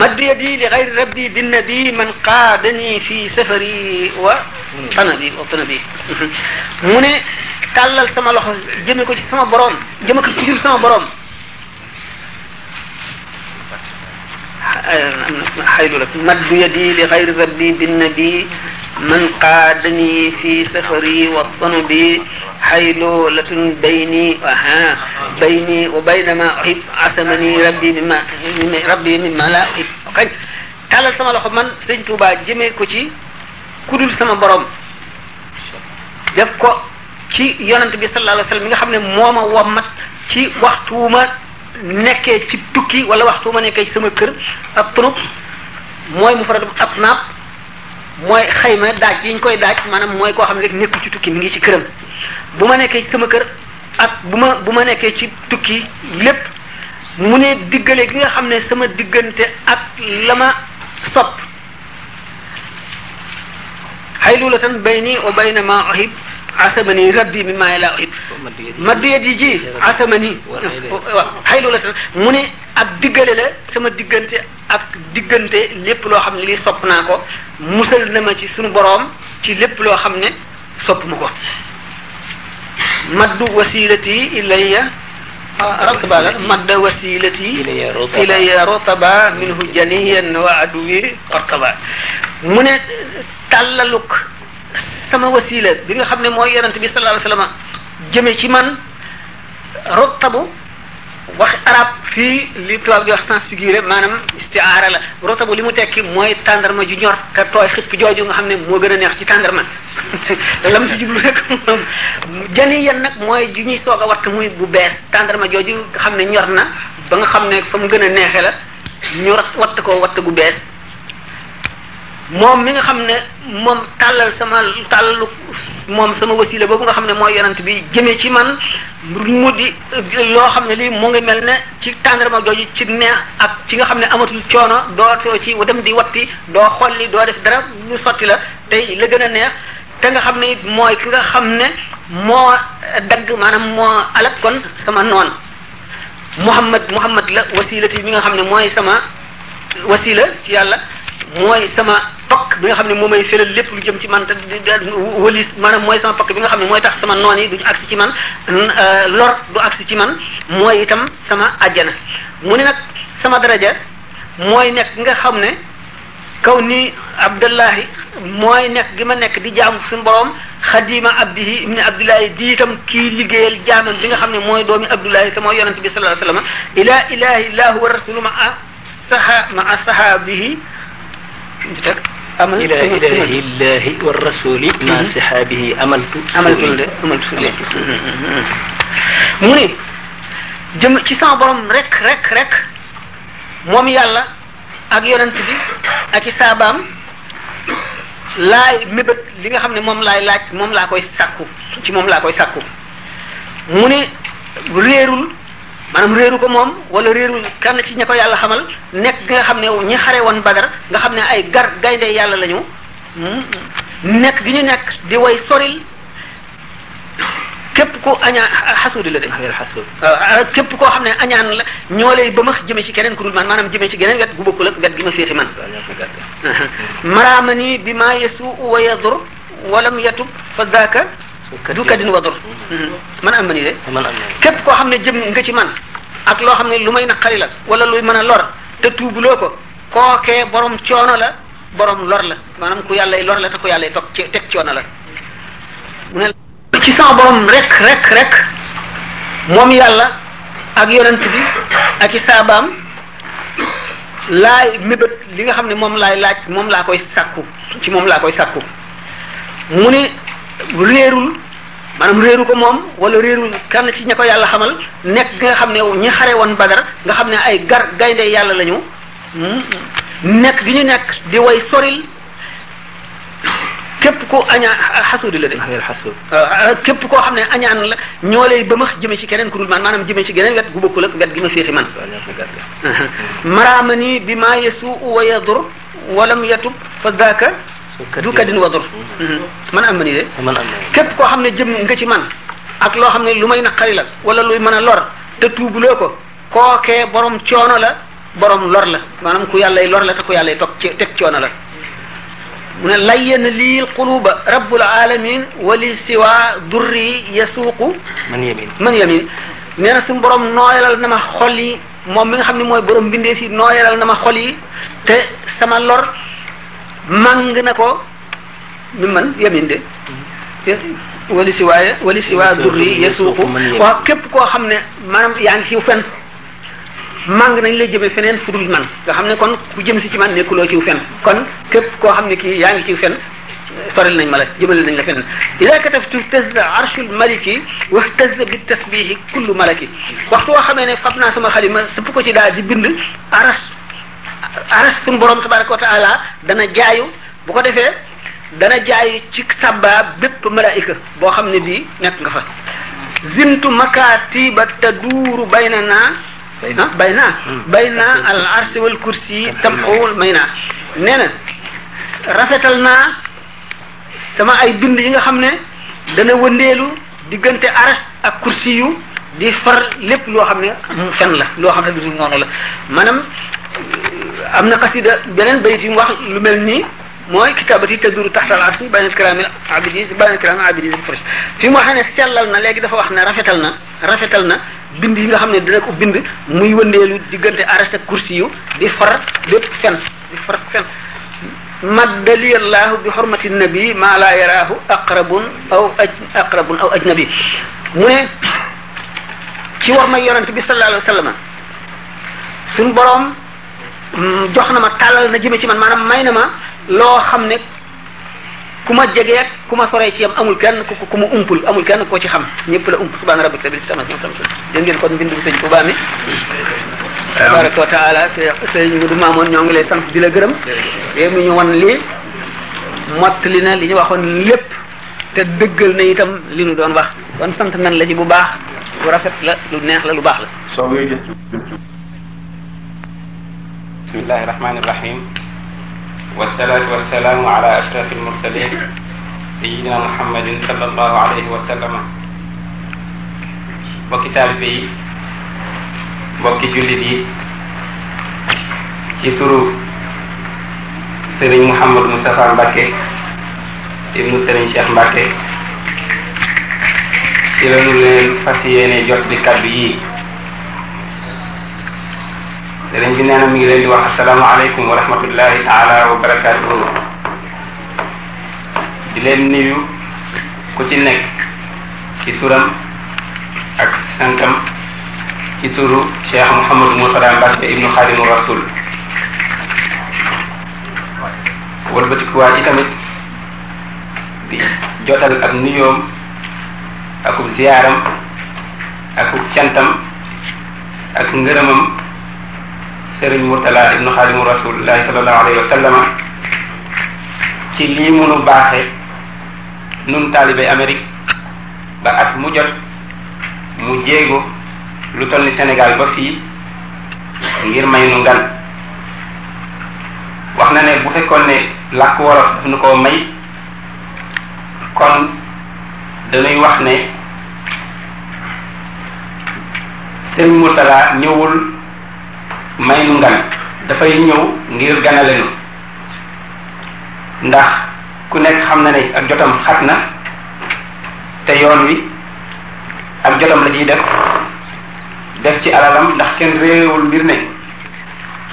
Speaker 1: maddu yadi li xayri rabbi binnabi man qaadani fi safari wa tanabi hmm. wa tanabi mu ne tàllal sama loxo jëme ko ci sama borom jëme ko ci sama borom xaylu rek maddu yadi li xayri rabbi binnabi man qaadani fi safari wa tanabi حيلولة بيني وها بيني وبين ما أحب عصمني ربي مما ربي مما لا أحب xañ tàllal sama loxo man sëñ Touba jëmee ko ci kudul sama borom def ko ci yonent bi sallallahu alayhi wa sallam mi nga xam ne moo ma wommat ci waxtu ma nekkee ci tukki wala waxtu ma nekkee ci sama kër ab tunub mooy mu faradum ab naab mooy xayma daaj yi ñu koy daaj maanaam mooy koo xam ne rek ci tukki mi ngi ci këram bu ma nekkee ci kër ak bu ma bu ma nekkee ci tukki lépp mu ne diggale ki nga xam ne sama diggante ak la ma sopp haylulatan bayni wa bayna ma uhib ni rabbi min ma la uhib ma yi ji asamani mu ne ak diggale sama diggante ak diggante lépp loo xam ne li sopp naa ko musal na ma ci sunu boroom ci lépp loo xam ne sopp ma ko maddu wasilati ilayya ah, ah, ratba la madda wasilati ilayya rotaba minhu janiyan wa aduwi ortaba mu ne tàllaluk sama wasila bi nga xam ne mooy yonent bi sallallahu alayhi wa ci man rotabu wax arab fii li tubaab di wax sens figuré maanaam istiaara la rotabu li mu tekki mooy tàndarma ju ñor te tooy xëpp jooju nga xam ne moo gën a neex ci tàndarma lam si jublu rek moom jani yan nag mooy ju ñuy soog wat watt muy bu bees tàndarma jooju nga xam ne ñor na ba nga xam ne fa mu gën a neexee la ñu watt ko wat gu bees moom mi nga xam ne moom tàllal sama tàllalu moom sama wasila boobu nga xam ne mooy yonent bi jëmee ci man mu di loo xam ne lii mu ngi mel ne ci tàndarma jooju ci ne ak ci nga xam ne amatul coono dootoo ci dem di watti doo xolli doo def dara ñu sotti la tey la gën a neex te nga xam ne it mooy ki nga xam ne moo dagg maanaam moo alat kon sama noon muhammad muhammad la wasilati mi nga xam ne mooy sama wasila ci yàlla mooy sama pakk bi nga xam ne moo may fëlal lépp lu jëm ci man te wëlis maanaam mooy sama pakk bi nga xam ne mooy tax sama noon yi duñu agsi ci man euh, lor du agsi ci man mooy itam sama ajjana mu ne nag sama draja mooy nekk nga xam ne kaw ni abdullahi mooy nekk gi ma nekk di jaamu suñu borom xadima abdihi ibni abdullahi di tam kii liggéeyal jaamam bi nga xam ne mooy doomi abdullahi te mooy yonente bi sallallahu alayhi wa sallam ila ilahi illahu wa ma a saha ma a sahabihi ñu teg amal ilaa ilaahi illaahi wa rasuli ma mm-hmm. sihaabihi amaltu amaltu de amaltu mm-hmm, mm-hmm. mu ni jëm ci sama borom rek rek rek moom yàlla ak yonent bi ak i saabaam laay mébét li nga xam ne moom laay laaj moom laa koy sàkku ci moom laa koy sàkku mu ni réerul maanaam réeru ko moom wala réeru kenn ci ña ko yàlla xamal nekk nga xam ne ñi xare woon Badar nga xam ne ay gar gaynde yàlla lañu nekk gi ñu nekk di way soril képp ku añaan xasuudi la de xasuud euh, képp koo xam ne añaan la ñoo lay ba ma jëme ci keneen ku man maanaam jëme ci geneen wet gu bokkul ak wet gi man maraama nii bi maa yesu walam yatub fa daaka du kadin wadur man am mani de képp koo xam ne jëm nga ci man ak loo xam ne lu may naqari la wala luy mën a lor te tuubuloo ko kookee borom coono la borom lor la maanaam ku yàlla lor la te ku yàlla toog ci teg coono la mu ne ci sama borom rek rek rek moom yàlla ak yonent bi ak i saabaam laay mébét li nga xam ne moom laay laaj moom laa koy sàkku ci moom laa koy sàkku mu ne réerul maanaam réeru ko moom wala réeru kenn ci ña ko yàlla xamal nekk nga xam ne ñi xare woon Badar nga xam ne ay gar gaynde yàlla lañu nekk gi ñu nekk di way soril képp ko añaan ah, xasuudi la de ah, képp koo xam ne añaan la ñoo lay ba max jëme ci keneen ku dul man maanaam jëme ci geneen wet gu bokkul ak wet gi ma féeti man maraama nii bi maa wa yadur walam yatub fa daaka du kadin wadur man am de képp koo xam ne jëm nga ci man ak loo xam ne lu may naqari la wala luy mën a lor te tuubuloo ko kookee borom coono la borom lor la maanaam ku yàllay lor la te ku yàllay toog ci teg coono la mu ne layyan li quluba rabbul alamin wali siwa durri yasuuqu
Speaker 2: man yamin man
Speaker 1: yamin nee na nooyalal na ma xol yi moom mi nga xam ne mooy borom mbindeef yi nooyalal na ma xol yi sama lor màng na ko mi man yamin de wali si waaye wali si waa durri yesuuku waaw képp koo xam ne maanaam yaa ngi siw fen màng nañ la jëme feneen fudul man nga xam ne kon ku jëm si ci man nekkuloo ciw fen kon képp ko xam ne kii yaa ngi ciw fen soril nañ ma la jëmale nañ la feneen ida kataftu tazza arshul maliki wahtazza bi tasbihi kullu malaki waxtu woo xamee ne fab naa sama xalima sëpp ko ci daal di bind aras aras suñu borom tabaraka wa taala dana jaayu bu ko defee dana jaayu ci sàbbaa bépp malaayika boo xam ne bii nekk nga fa zimtu makaatiba taduuru bayna naa ah bayna bayna al arsi wal kursi tamxuwul may naa nee na rafetal naa sama ay bind yi nga xam ne dana wëndeelu diggante aras ak kursi yu di far lépp loo xam ne fen la loo xam ne du noonu la maanaam am na xasida beneen bayit mu wax lu mel nii mooy kitaabati taduru taxtal arsi baynal kiraami abidis baynal kiraami abidis fresh fi mu waxee ne sellal na léegi dafa wax ne rafetal na rafetal na bind yi nga xam ne dina ko bind muy wëndeelu diggante aras ak kursi yu di far lépp fen di far fen bi xormati nabi maa laa yaraahu aqrabun aw aj aqrabun aw ajnabi mu ne ci war may yonent bi sallallahu alayhi wa sallam Mm, jox na ma tàllal na jëme ci man maanaam may na ma loo xam ne ku ma jegee ku ma soree ci yam amul kenn ku ku mu umpul amul kenn koo ci xam ñëpp la ump subhaana rabbika rabbil izzati amma yasifun dégg ngeen kon mbindum sëñ Tuubaa mi tabaraka wa taala sëñ Mudu Maamoon ñoo ngi lay sant di la gërëm léeg mu ñu wan lii mottali na li ñu waxoon lépp te dëggal na itam li ñu doon wax kon sant nan la ci bu baax
Speaker 2: lu rafet la lu neex la lu baax la bismillahi rahmani irrahim wasalaatu wasalaamu ala ashraf almursalin sayidina muhammadin sallallahu alayhi wa sallama mbokki taalibe yi mbokki jullit yi ci turu sëriñ Mouhamadou Moustapha Mbacké ibnu sëriñ Cheikh Mbacké ci lañu leen fas yéene jot di kàddu yii danañ ci nee ngi leen di wax asalaamaaleykum wa rahmatullahi taala wa barakaatuhu di leen nuyu ku ci nekk ci turam ak santam ci turu Cheikh Mouhamadou Mourtada Mbacké ibnu Xaadimu Rasul wëlbatikuwaay yi tamit di jotal ak nuyoom akub ziyaaram akub cantam ak ngërëmam Serigne Mourtala ibnu xaadimu rasulillahi sallallahu alayhi wa ci lii munu baaxe nun taalibay Amérique ba at mu jot mu jéego lu toll ni Sénégal ba fii ngir may nu ngan wax na ne bu fekkoon ne làkk wolof daf nu ko may kon dañuy wax ne Serigne Mourtala ñëwul may nu ngan dafay ñëw ngir ganale nu ndax ku nekk xam na ne ak jotam xat na te yoon wi ak jotam la ciy def def ci alalam ndax kenn réewul mbir ne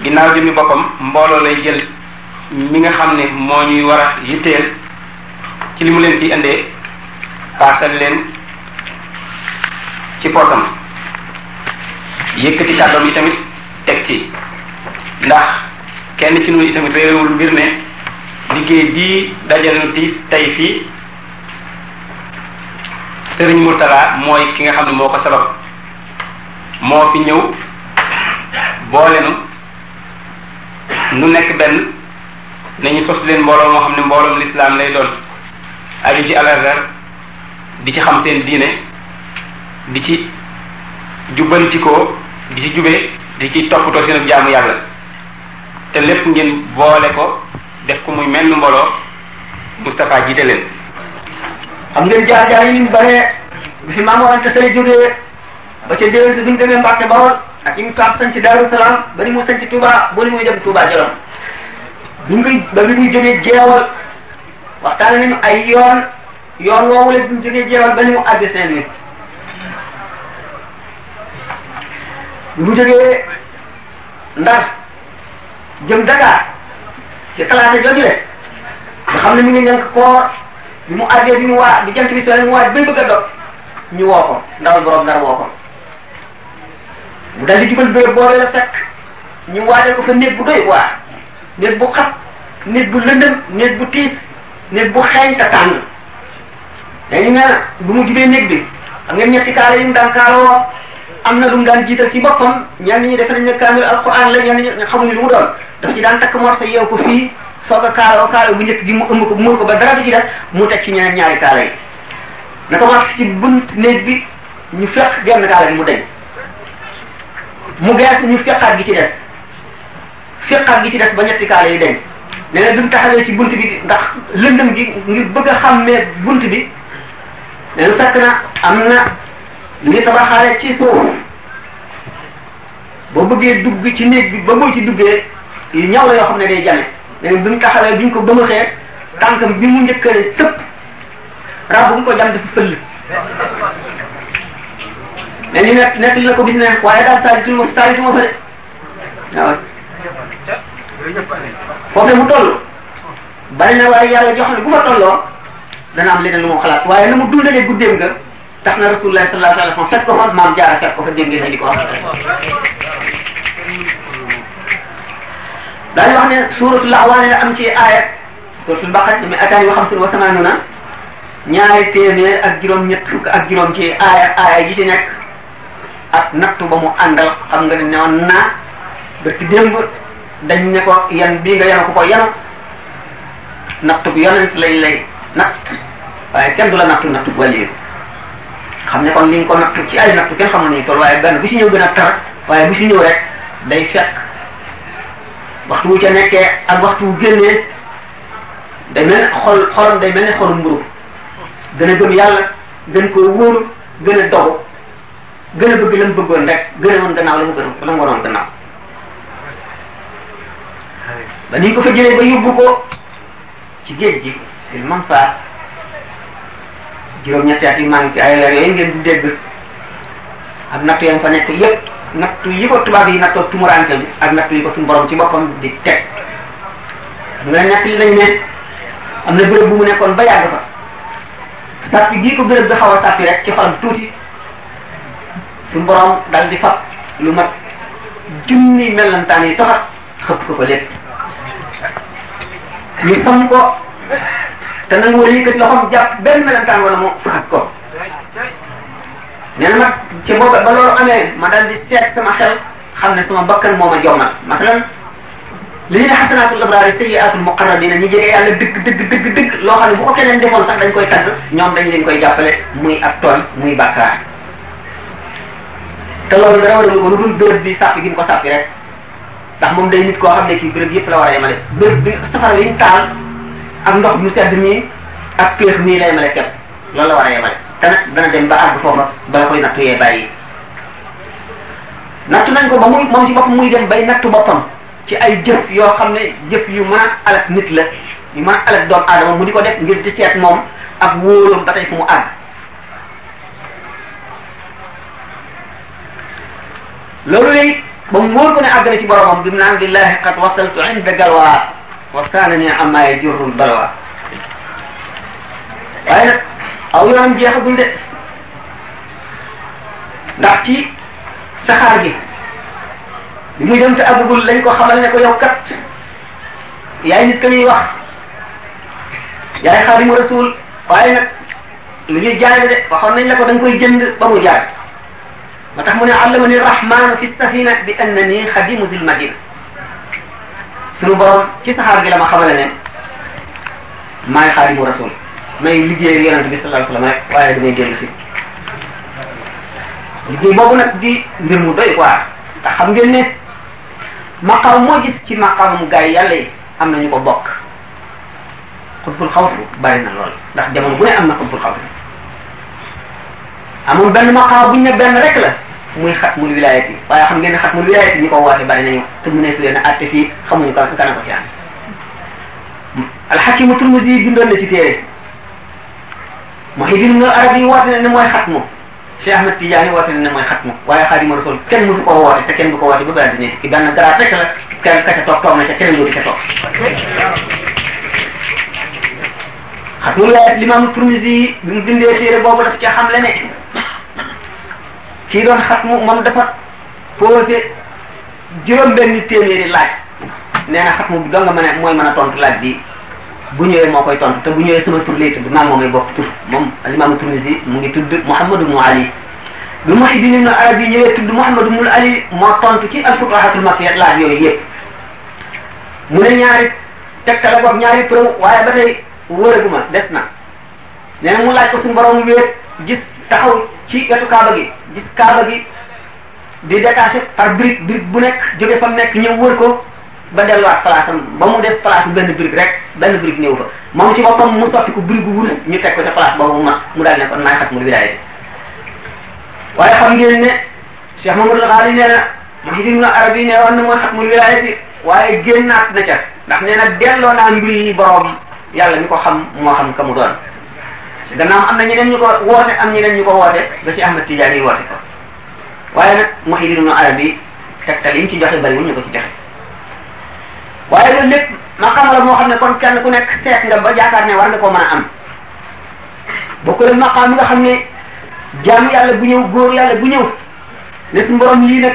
Speaker 2: ginnaaw jëmmi boppam mbooloo lay jël mi nga xam ne moo ñuy war a yitteel ci li mu leen fi indee paasal leen ci poosam yëkkati kàddoom yi tamit teg ci ndax kenn ci ñun itamit réewul mbir ne liggéey bii dajal ti tey fii sëriñ Serigne Mourtala mooy ki nga xam ne moo ko sabab moo fi ñëw boole nu nekk benn nañu sos leen mbooloo moo xam ne mbooloom lislaam lay doon aju ci al-Azhar di ci xam seen diine di ci jubbantikoo di ci jubee di ki ci toppatoo seen jaamu yàlla te lépp ngeen boole ko def ko muy menn mbooloo Moustapha jiite leen.
Speaker 1: xam ngeen jaar-jaar yi ñu bëree bi fi maam warante sële jógee ba ca déwén si bi ñu demee Mbàkke Bawol ak yi mu taam sañ ci Daaru Salaam ba ni mu sañ ci Touba ba ni muy dem Touba Jolof bi ñu koy ba bi muy jógee jeewal waxtaan nañu ay yoon yoon woowu la bi mu jógee jeewal ba ni mu àgg Saint-Louis bi mu jógee Ndar jëm daga ci talaata jooju le nga xam ne mi ngi ñànk koor bi mu àggee bi mu waa bi jant bi soo mu waa bañ bëgg a dog ñu woo ko ndawal borom Ndar woo ko mu dal di jubal béréb boobee la fekk ñu waajal ko fa néeg bu doy waar néeg bu xat néeg bu lëndëm néeg bu tiis néeg bu xeeñ te tàng dañu ne bu mu jibee néeg bi xam ngeen ñetti kaala yi mu daan kaaloo am na lu mu daan jiital ci boppam ñenn ñi defe nañ ne kaamil alquran la ñenn ñi xamuñu lu mu doon daf ci daan takk morso yeew ko fii soog a kaaloo kaaloo bu njëkk gi mu ëmb ko muur ko ba dara du ci def mu teg ci ñeneen ñaari kaala yi na ko morso ci bunt néeg bi ñu fekk genn kaala bi mu deñ mu gees ñu feqaat gi ci des feqaat gi ci des ba ñetti kaala yi deñ nee na bi mu ci bunt bi ndax lëndëm gi bëgg a xàmmee bunt bi nee na fekk na am na lu ñu tabaxaale ci suuf boo bëggee dugg ci néeg bi ba boo ci duggee yu ñaw la yoo xam ne day jame mais buñ taxawee buñ ko bëmëxee tànkam bi mu njëkkale sëpp rab bu mu ko jam dafa fëll mais ñu nekk nekk li ko bis ne waaye daal saalitu ma saalitu ma fa de waaw mu toll bari na waaye yàlla joo xam ne bu fa tolloo dana am leneen lu mu xalaat waaye na mu dundalee guddeem nga tax na rasulullah sallallahu alayhi wa sallam fekk ko fa maam jaara fekk ko fa dégg ngeen di ko wax. daañu wax ne suuratul Ahwaan la am ci aaya suuratul Baqara mi ataan wa xamsun wa samaanuna ñaari téeméer ak juróom-ñett fukk ak juróom ci aaya aaya yi ci nekk ak nattu ba mu àndal xam nga ne newoon naa ba ci démb dañ ne ko yan bii nga yanu ko ko yanu nattu bu yonent lañ lay natt waaye kenn du la nattu nattu bu wàllu xam ne kon li nga ko ci ay nattu kenn xamul nañu toll waaye benn bu si ñëw gën a tar waaye bu si ñëw rek day fekk waxtu wu ca nekkee ak waxtu wu génnee day mel ne xol xolam day mel gën a gëm yàlla gën koo wóoru gën a dogu gën a bëgg la mu bëggoon rek gën a woon gannaaw la mu gën la mu waroon gannaaw ba ni ñu ko fa jëlee ba yóbbu ko ci géej gi il juróom-ñetti at yi manqué ay weer yooyu ngeen di dégg ak nattu yam fa nekk yépp nattu yi ko tubaab yi nattoo tumuraanke bi ak nattu yi ko suñu borom ci boppam di teg nga nekk li nañ ne am na béréb bu mu nekkoon ba yàgg fa sàppi gii ko béréb bi xaw a sàppi rek ci xolam tuuti suñu borom dal di fa lu mat junni melantaan yi soxat xëpp ko ko lépp ñu sam ko te nanguwul yëkkati loxoom jàpp benn melentaan wala mu faxat ko nee na nag ci boobu ba loolu amee ma dal di seet sama xel xam ne sama bakkan moo a jommal masalan li ñuy ne xasanaatul abraari sayyiaatul muqarrabiina ñu jege yàlla dëgg dëgg dëgg dëgg loo xam ne bu ko keneen defoon sax dañ koy tagg ñoom dañ leen koy jàppale muy ak tooñ muy bàkkaar te loolu dara waral ko lu dul béréb bi sàpp gi mu ko sàppi rek ndax moom day nit koo xam ne kii béréb yëpp la war a yemale béréb bi safara ak ndox mu sedd mii ak piix mii lay male képp loolu la war a yemale te nag dana dem ba àgg foofa bala koy nattu yee bàyyi nattu nañ ko ba muy moom ci boppam muy dem bay nattu boppam ci ay jëf yoo xam ne jëf yu mën a alak la yu mën a alak doomu mu di ko def ngir di seet moom ak wóoloom ba tey fu mu àgg loolu léegi ba mu wóor ko ne àgg na ci boromam bi mu naan lillahi qad wasaltu inda waxtaanani amma yajurul balwa waaye nag aw yoonam jeexagul de ndax ci saxaar gi bi muy dem te àggagul lañ ko xamal ne ko yow kat yaay nit ka ñuy wax yaay xaadimu rasul waaye nag lu ñuy jaay de waxoon nañ la ko da nga koy jënd ba mu jaay ma tax mu ne allama ni rahmanu fi safina bi annani xadimu dil madina suñu borom ci saxaar gi la ma xamale ne maay xaadimu rasul may liggéey yonent bi sallallahu alayhi wasallam rek waaye damay dellu si liggéey boobu nag di mbir mu doy quoi ndax xam ngeen ne maqaam moo gis ci maqaamam gaa yi yàlla yi am nañu ko bokk xutbul xawsu bari na lool ndax jamono bu ne am na xutbul xawsu amul benn maqaam buñ ne benn rek la muy xatmul wilayat yi waaye xam ngeen ne xatmul wilayat yi ñi ko woote bari nañu te mu nees leen atte fii xamuñu kan kana ko ci am alxakimu turmusi bindoon na ci téere Muhyiddin Ibn Arabi woote na ne mooy xatmu Cheikh Ahmed Tidiane woote na ne mooy xatmu waaye Xaadimu Rasul kenn musu koo woote te kenn du ko woote ba benn dina ki benn garaat rek la kenn kese toog toog na ca keneen dootu ca toog xatmul wilayat limaam turmusi bi mu bindee téere boobu daf ca xamle ne kii doon xatmu moom dafa posé juróom benni téeméeri laaj nee na xatmu bi doo nga mën a mooy mën a tontu laaj bi bu ñëwee moo koy tontu te bu ñëwee sama tur lay tudd maa moomay bokk tur moom alimaamu Tirmisi mu ngi tudd Muhammad ibnu Ali bi Muhyiddin ibnu Arabi ñëwee tudd Muhammad ibnu Ali moo tontu ci al-Futuhatul Makkiyya laaj yooyu yëpp mu ne ñaari tegtala boog ñaari preuve waaye ba tey wóoraguma des na nee na mu laaj ko suñu borom wéet gis taxaw ci wetu kaaba gi gis kaaba gi di détaché par brique brique bu nekk jóge fa nekk ñëw wër ko ba delluwaat place am ba mu des place bu benn brique rek benn brique ñëw fa moom ci boppam mu soppi ko brique bu wurus ñu teg ko ca place boobu ma mu daal ne kon maay xat mu wilaayati waaye xam ngeen ne Cheikh Mamadou Xaali nee na Muhyiddin Ibn Arabi ne woon na mooy xat mu wilaayati waaye génnaat na ca ndax nee na delloo naa mbir yi yàlla mi ko xam moo xam ka mu doon gannaaw am na ñeneen ñu ko woote am ñeneen ñu ko woote ba ci Ahmad Tijaani yi woote ko waaye nag Muhyiddin Ibn Arabi tegtal yi ñu ci joxe bariwul ñu ko ci joxe waaye loolu lépp maqaama la moo xam ne kon kenn ku nekk seet nga ba jaakaar ne war nga koo mën a am bokkul ak maqaam nga xam ne jaamu yàlla bu ñëw góor yàlla bu ñëw ne suñu borom lii nag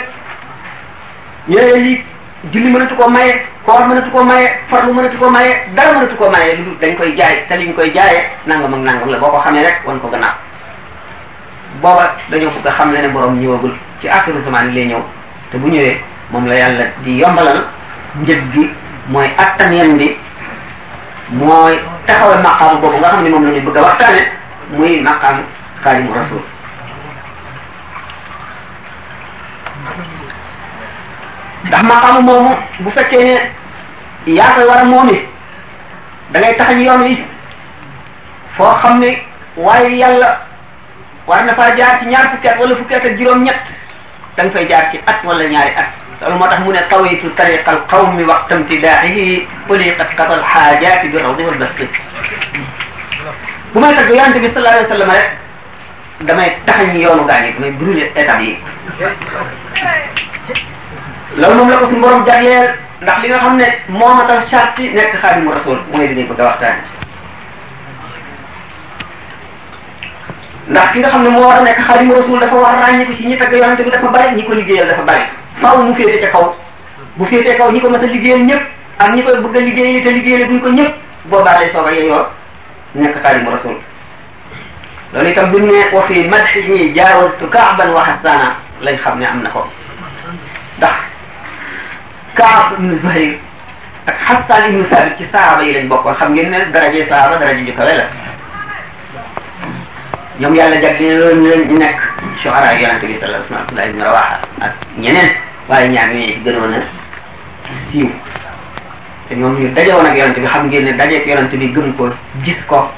Speaker 1: ñëwee lii julli mënatu koo maye koor mënatu ko maye farlu mënatu ko maye dara mënatu ko maye lu dul dañ koy jaay te liñ koy jaayee nangam ak nangam la boo ko xamee rek wan ko gannaaw booba dañoo bëgg a xam ne ne borom ñëwagul ci axiru zaman lay ñëw te bu ñëwee moom la yàlla di yombalal njët gi mooy attan yan bi mooy taxawal maqaam boobu nga xam ne moom la ñu bëgg a waxtaane muy maqaam xaadimu rasul ndax maqaamu moomu bu fekkee ne yaa koy war a moomi da ngay taxañ yoon wi foo xam ne waaye yàlla war na faa jaar ci ñaar fukki at wala fukki at ak juróom-ñett fay jaar ci at wala ñaari at loolu moo tax mu ne tawaytu tariqa al qawmi waqtamti daaxihi xuliqat qatal xaajaati bi rawdi wal basti bu may tagg yonente bi sallallahu alayhi wa sallam rek damay taxañ yoonu gaa ñi damay brûler étapes loolu moom la ko suñu borom jagleel ndax li nga xam ne moo matal sarti nekk xaadimu rasul mooy li ñu bëgg a ndax ki nga xam ne moo war a nekk rasul dafa war a ràññeeku si ñi tagg yonante bi dafa bari ñi ko liggéeyal dafa bari faaw mu féete ca kaw bu féetee kaw ñi ko mas a liggéeyal ñëpp ak ñi koy bëgg a liggéeyal te liggéeyal buñ ko ñëpp boobaa lay soog a yeyoo nekk xaadimu rasul loolu itam buñ ne wa fi madxihi jaawastu kaaban wa xasaana lañ xam ne am na ko Kaab ibnu Zuhayr ak Xasaan ibnu Saabit ci saaba yi lañ bokk xam ngeen ne daraje saaba daraje ju kawe la ñoom yàlla jagleel loolu ñu leen nekk shuhara yonent bi sallallahu alayhi wa sallam Abdullah ibn Rawaha ak ñeneen waaye ñaar ñoo ci gënoon a siiw te ñoom ñu dajewoon bi xam ngeen ne dajeeg yonent bi gëm ko gis ko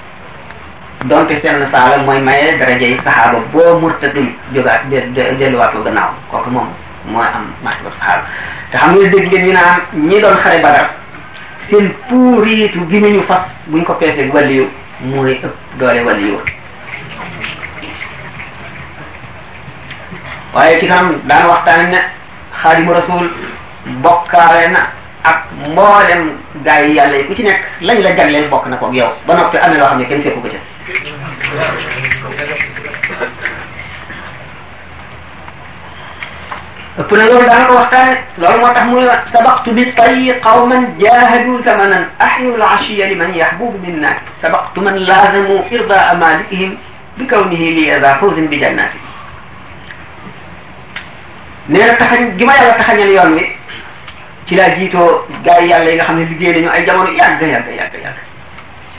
Speaker 1: donte seen saala mooy maye daraje yi saxaaba boo murtadul jógaat delluwaatoo gannaaw kooku moom mooy am martaba saxaaba te xam nga dégg ngeen ñu naan ñi doon xare badar seen puuriitu gémmiñu fas buñ ko peesee wàlliyu mooy ëpp doole wàlliyu waaye ci kanam daan waxtaan ne xaadimu rasul bokkaare na ak mboolem gaa yi yàlla yu ku ci nekk lañ la jagleel bokk na koog yow ba noppi am na loo xam ne kenn fekku ko ca ëpp na loolu daana ko waxtaane loolu moo tax muy sabaqtu bi tayyi qawman jahadu zamanan ahyu al-ashiya liman yahbubu min naati sabaqtu man laazamu irdaa malikihim bi kawnihi li daa fawzin bi jannaati nee na taxañ gi ma yàlla taxañal yoon wi ci laa jiitoo gars yi yàlla yi nga xam ne liggéey nañu ay jamono yàgg yàgg yàgg yàgg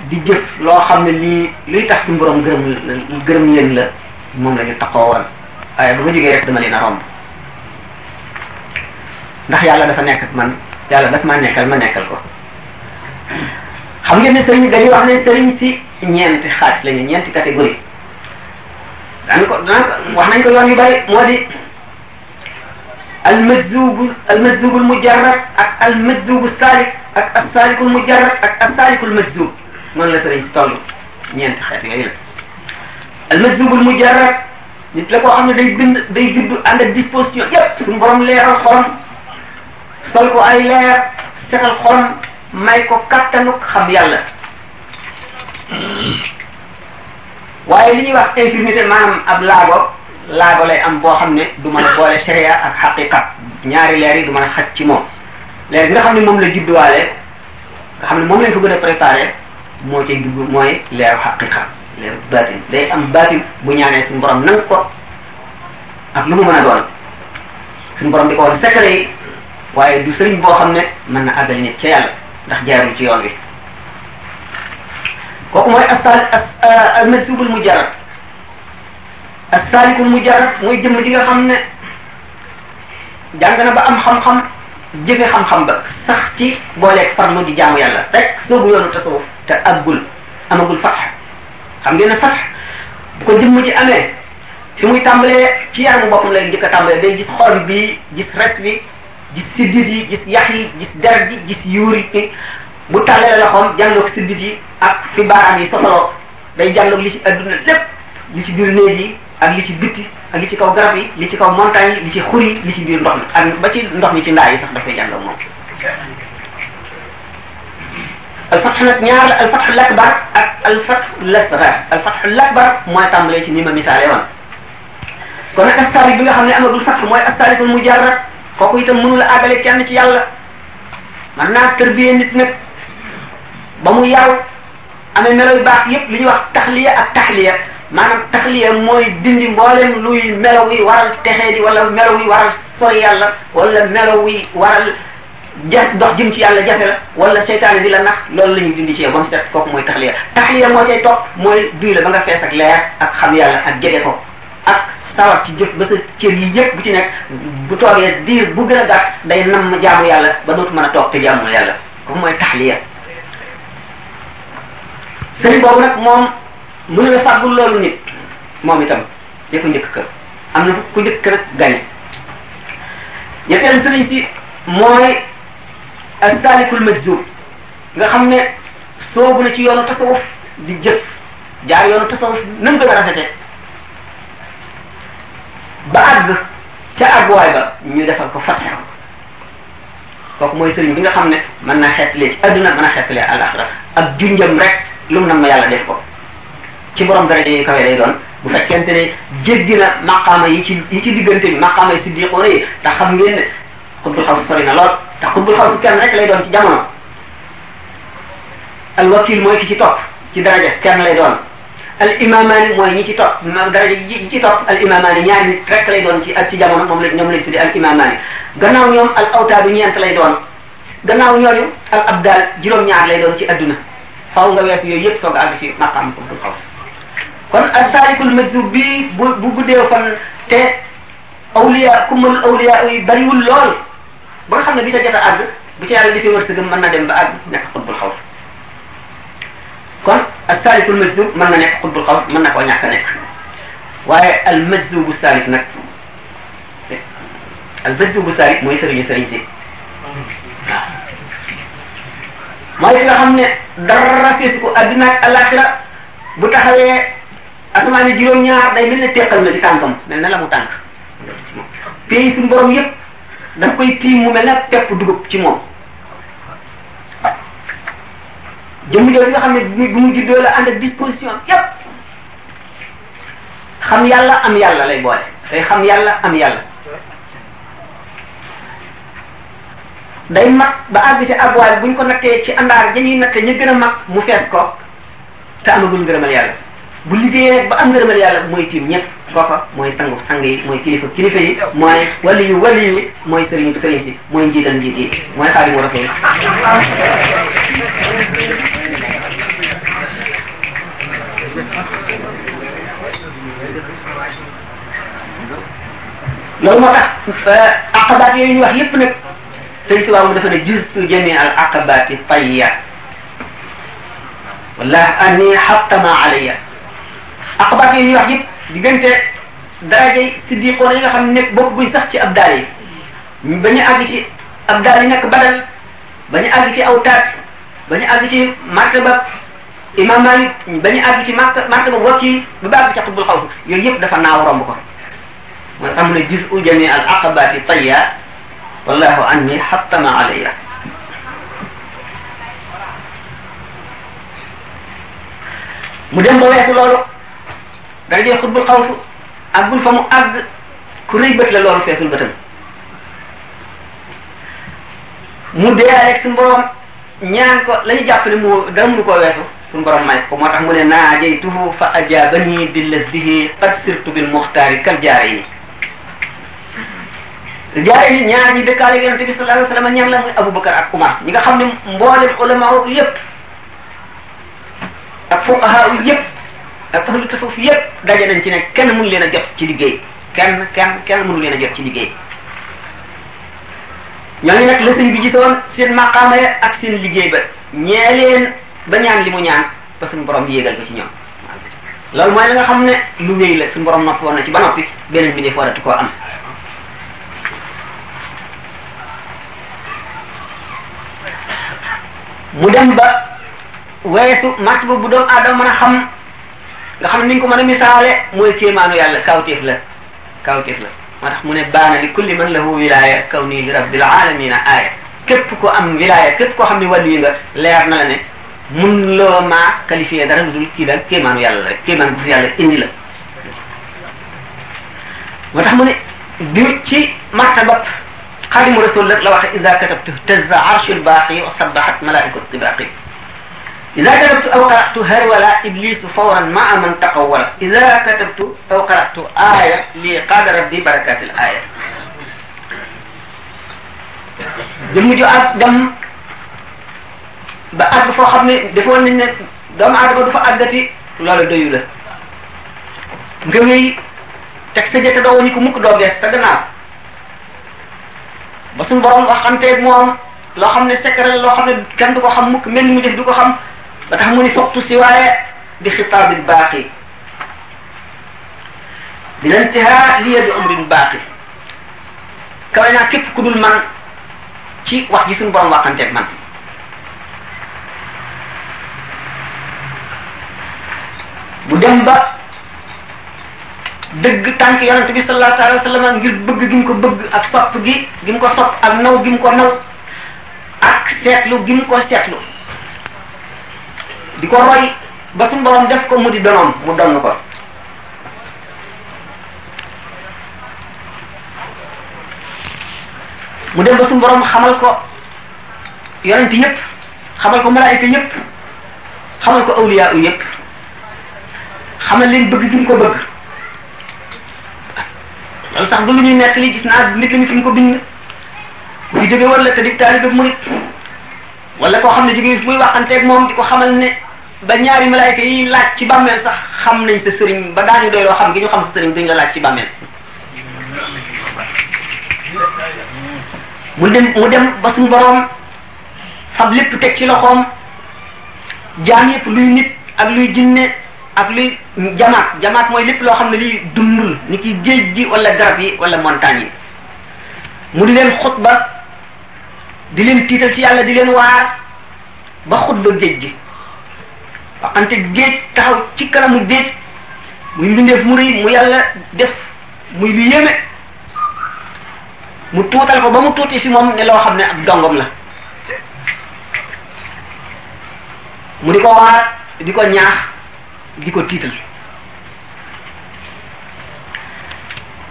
Speaker 1: di jëf loo xam ne lii luy tax suñu borom gërëm gërëm leen la moom la ñu taxawal waaye bu ma jógee rek dama leen a romb ndax yàlla dafa nekk ak man yàlla daf ma nekkal ma nekkal ko xam ngeen ne sëriñ dañuy wax ne sëriñ si ñeenti xaaj lañu ñeenti catégorie daan ko daan ko wax nañ ko yoon yu bari moo di almajzubu almajzubul mujarrad ak almajzubu saalik ak assaalikul mujarrad ak assaalikul majzub noonu la sëriñ si toll ñeenti xeet yooyu la almajzubul mujarrad nit la koo xam ne day bind day juddu ànd ak disposition yépp suñu borom leeral xorom sol ko ay leer setal xorom may ko kattanuk xam yàlla waaye li ñuy wax infirmité maanaam ab laago laago lay am boo xam ne du mën a boole sharia ak xaqiqa ñaari leer du mën a xaj ci moom leer bi nga xam ne moom la judduwaale nga xam ne moom lañ ko gën a préparé moo cay dugg mooy leer xaqiqa leeru baatin day am baatin bu ñaanee suñu borom nang ko ak lu mu mën a doon suñu borom di ko woon secret waaye du sëriñ boo xam ne mën na àggali nit ca yàlla ndax jaarul ci yoon wi kooku mooy asal euh, almajzubul mujarrad asaalikul mujarrad mooy jëmm ji nga xam ne jàng na ba am xam-xam jëfe xam-xam ba sax ci booleeg farlu di jaamu yàlla rek soobu yoonu tasawuf te aggul amagul fatx xam ngeen ne fatx bu ko jëmm ci amee fi muy tàmbalee ci yaramu boppam lay njëkk a tàmbalee day gis xol bi gis res bi gis siddit yi gis yax yi gis deret ji gis yuur yi bu tàllalee loxoom jàlloog siddit yi ak fi baaraam yi sosaloo day jàlloog li ci adduna lépp li ci biir néeg yi ak li ci bitti ak li ci kaw garab yi li ci kaw montagne yi li ci xur yi li ci biir ndox mi ak ba ci ndox mi ci ndaa yi sax dafay jàlloog moom alfatxu nag ñaar la alfatxu lakbar ak alfatxu lasgar alfatxu lakbar mooy tàmbalee ci ni ma misaale woon kon nag assaari bi nga xam ne amadul fatx mooy assaari mujarrad kooku itam mënula àggale kenn ci yàlla man naa tërbiyee nit nag ba mu yaw amee melo yu baax yépp li ñuy wax taxliya ak taxliya maanaam taxliya mooy dindi mboolem luy melo yi waral texee di wala melo yi waral sori yàlla wala melo yi waral ja dox jëm ci yàlla jafe la wala seytaane di la nax loolu la ñuy dindi ci yow ba mu set kooku mooy taxliya taxliya moo cay topp mooy duy la ba nga fees ak leer xam yàlla ak jege ko sawar ci jëf ba sa cër yi yëpp bu ci nekk bu toogee diir bu gën a gàtt day nam ma jaamu yàlla ba dootu mën a toog te jaamul yàlla kooku mooy taxliya sëriñ boobu nag moom mënu la fàggul loolu nit moom itam ya ko njëkk kër am na ku njëkk kër gañe ñetteelu sëriñ si mooy as-salikul majzub nga xam ne soobu na ci yoonu tasawuf di jëf jaar yoonu tasawuf nan gën ba àgg ca àgguwaay ba ñu defal ko fatiha kooku mooy sëriñ bi nga xam ne mën na xeetlee ci adduna mën na xeetlee àlaxira ak junjam rek lu mu nam ma yàlla def ko ci borom daraja yu kawe lay doon bu fekkente ne jéggi na yi ci yi ci diggante bi maqaama yi si yi te xam ngeen ne xutbul xaw sori na lool te xutbul xaw kenn rek lay doon ci jamono al wakil mooy ki ci topp ci daraja kenn lay doon al imamaani mooy ñi ci topp ma daraja ji ci topp al imamaani ñaari nit doon ci ak ci jamono moom lañ ñoom lañ tuddi al imamaani gannaaw ñoom al awtaadu ñeent lay doon gannaaw ñooñu al abdal juróom-ñaar lay doon ci adduna faaw nga weesu yooyu yëpp soog a àgg si maqaam ko dul xaw kon asaarikul majzub bi bu bu guddee fan te awliya kummal awliya yi bariwul lool ba nga xam ne bi sa jot a àgg bu ci yàlla di fi wërsëgam mën na dem ba àgg nekk xutbul xaw kon ak saaliful majzub mën na nekk xutbul xaws mën na koo ñàkk a nekk waaye al majzubu saalif nag al majzubu saalif mooy sëriñu sëriñ si waaw mooy ki nga xam ne dara feesu ko adduna ak alaxira bu taxawee asamaani juróom-ñaar day mel ne teqal na ci tànkam mel na la mu tànk pays suñu borom yëpp daf koy tiim mu mel ne pepp dugub ci moom jëmm jooju nga xam ne bu mu juddoo la ànd ak disposition am yépp xam yàlla am yàlla lay boole day xam yàlla am yàlla day mag ba àgg si abwaay bu ñu ko nattee ci àndaar dañuy natte ñu gën a mag mu fees ko te amagul ngërëmal yàlla bu liggéeyee ba am ngërëmal yàlla mooy tiim ñëpp kooka mooy sangu sang yi mooy kilifa kilifa yi mooy wali yu wali yu mooy sëriñ sëriñ si mooy njiital njiit yi mooy xaadimu rasul loolu moo tax euh, aqabaat yooyu ñu wax yépp nag sëñ Tuubaa mu dafa ne justu jami al aqabaati tayya wallah anni xattama alayya aqabaat yooyu ñu wax yépp diggante darajey siddiqoona yi nga xam ne nekk bopp buy sax ci ab daal yi ba ñu àgg ci ab daal yi nekk badal ba ñu àgg ci aw taat ba ñu àgg ci martaba imam Malik ba ñu àgg ci martaba wakki ba ba àgg ci xutbul xaws yooyu yépp dafa naaw romb ko man am la gis u jamii al aqabati tayya wallahu anni xattama alayya mu dem ba weesu loolu dara jee xutbul xawsu àggul fa mu àgg ku rëy bët la loolu feesul bëtam mu dee rek suñu borom ñaan ko la ñu jàpp ne mu dara mënu koo weesu suñu borom may ko moo tax mu ne naajaytuhu fa ajabani billadihi qad sirtu bil muxtaari kal jaare yi jaay ñaar ñi dëkkaale yonente bi sallallahu alayhi wa sallam ñan la muy Aboubacar ak Umar ñi nga xam ne mboolem ulama yépp ak fuqaha yépp ak ahlu tasawuf yépp nañ ci ne kenn mënu leen a jot ci liggéey kenn kenn kenn mënu leen a jot ci liggéey ñooñu nag la sëñ bi gisoon seen maqaama ya ak seen liggéey ba ñee leen ba ñaan li mu ñaan ba suñu borom yéegal ko ci ñoom loolu mooy la nga xam ne lu wéy la suñu borom noppi woon na ci ba noppi beneen bi dee fooratu koo am mu dem ba weesu martaba bu doomu aadama mën a xam nga xam ni ñu ko mën a misaale mooy kéemaanu yàlla kawtéef la kawtéef la moo tax mu ne baana li kulli man lahu wilaya kaw nii li rabbil alamina aaya képp ko am wilaya képp koo xam ne wàllu yi nga leer na la ne mun loo maa qualifié dara lu dul kii daal kéemaanu yàlla la rek kéemaan bu fi yàlla indi la moo tax mu ne bi ci martabab xaadimu rasul la la waxe ida katabtu tazza arshul baaqi wa sabbahat malaikatu tibaqi ida katabtu aw qaratu harwala iblisu fawran maa man taqawwala ida katabtu aw qaratu aaya li qaada rabbi barakatil aaya jëmm ju ak dem ba àgg foo xam ne defoon nañ ne doomu aadama du fa àggati loolu doyu la nga wéy teg sa jëte doo wañi ko mukk doo gees sa gannaaw ba suñu borom waxanteeg moom loo xam ne secret loo xam ne kenn ko xam mukk mel mu def du ko xam ba tax mu ni foqtu si waaye bi xitaabil baaqi bi lantihaa liya bi umrin baaqi kawe naa képp ku dul man ci wax ji suñu borom waxanteeg man bu dem ba dëgg tànk yonent bi sallallahu alayhi wa ngir bëgg gi mu ko bëgg ak sopp gi gi mu ko sopp ak naw gi mu ko naw ak seetlu gi ko seetlu di ko roy ba suñu borom def ko mu di donoom mu donn ko mu dem ba suñu borom xamal ko yonent yépp xamal ko malaayika yépp xamal ko awliya yépp xamal leen bëgg gi ko bëgg loolu sax du lu ñuy nett li gis naa nit ñi fi mu ko bind bu fi jóge wala te di taalibe murit wala koo xam ne jóge muy waxanteeg moom di ko xamal ne ba ñaari malaayka yi laaj ci bàmmeel sax xam nañ sa sëriñ ba daañu doy loo xam gi ñu xam sa sëriñ duñ la laaj ci bàmmeel mu dem mu dem ba suñu boroom fab lépp teg ci loxoom jaam yëpp luy nit ak luy jinne ak luy jamaat jamaat mooy lépp loo xam ne li dundul ni ki géej gi wala garab yi wala montagne yi mu di leen ba di leen tiital ci yàlla di leen waar ba xutba géej gi waxante géej taxaw ci kanamu géej muy mbindeef mu rëy mu yàlla def muy lu yéeme mu tuutal ko ba mu tuuti ci moom ne loo xam ne ak dongom la mu di ko waar di ko ñaax di ko tiital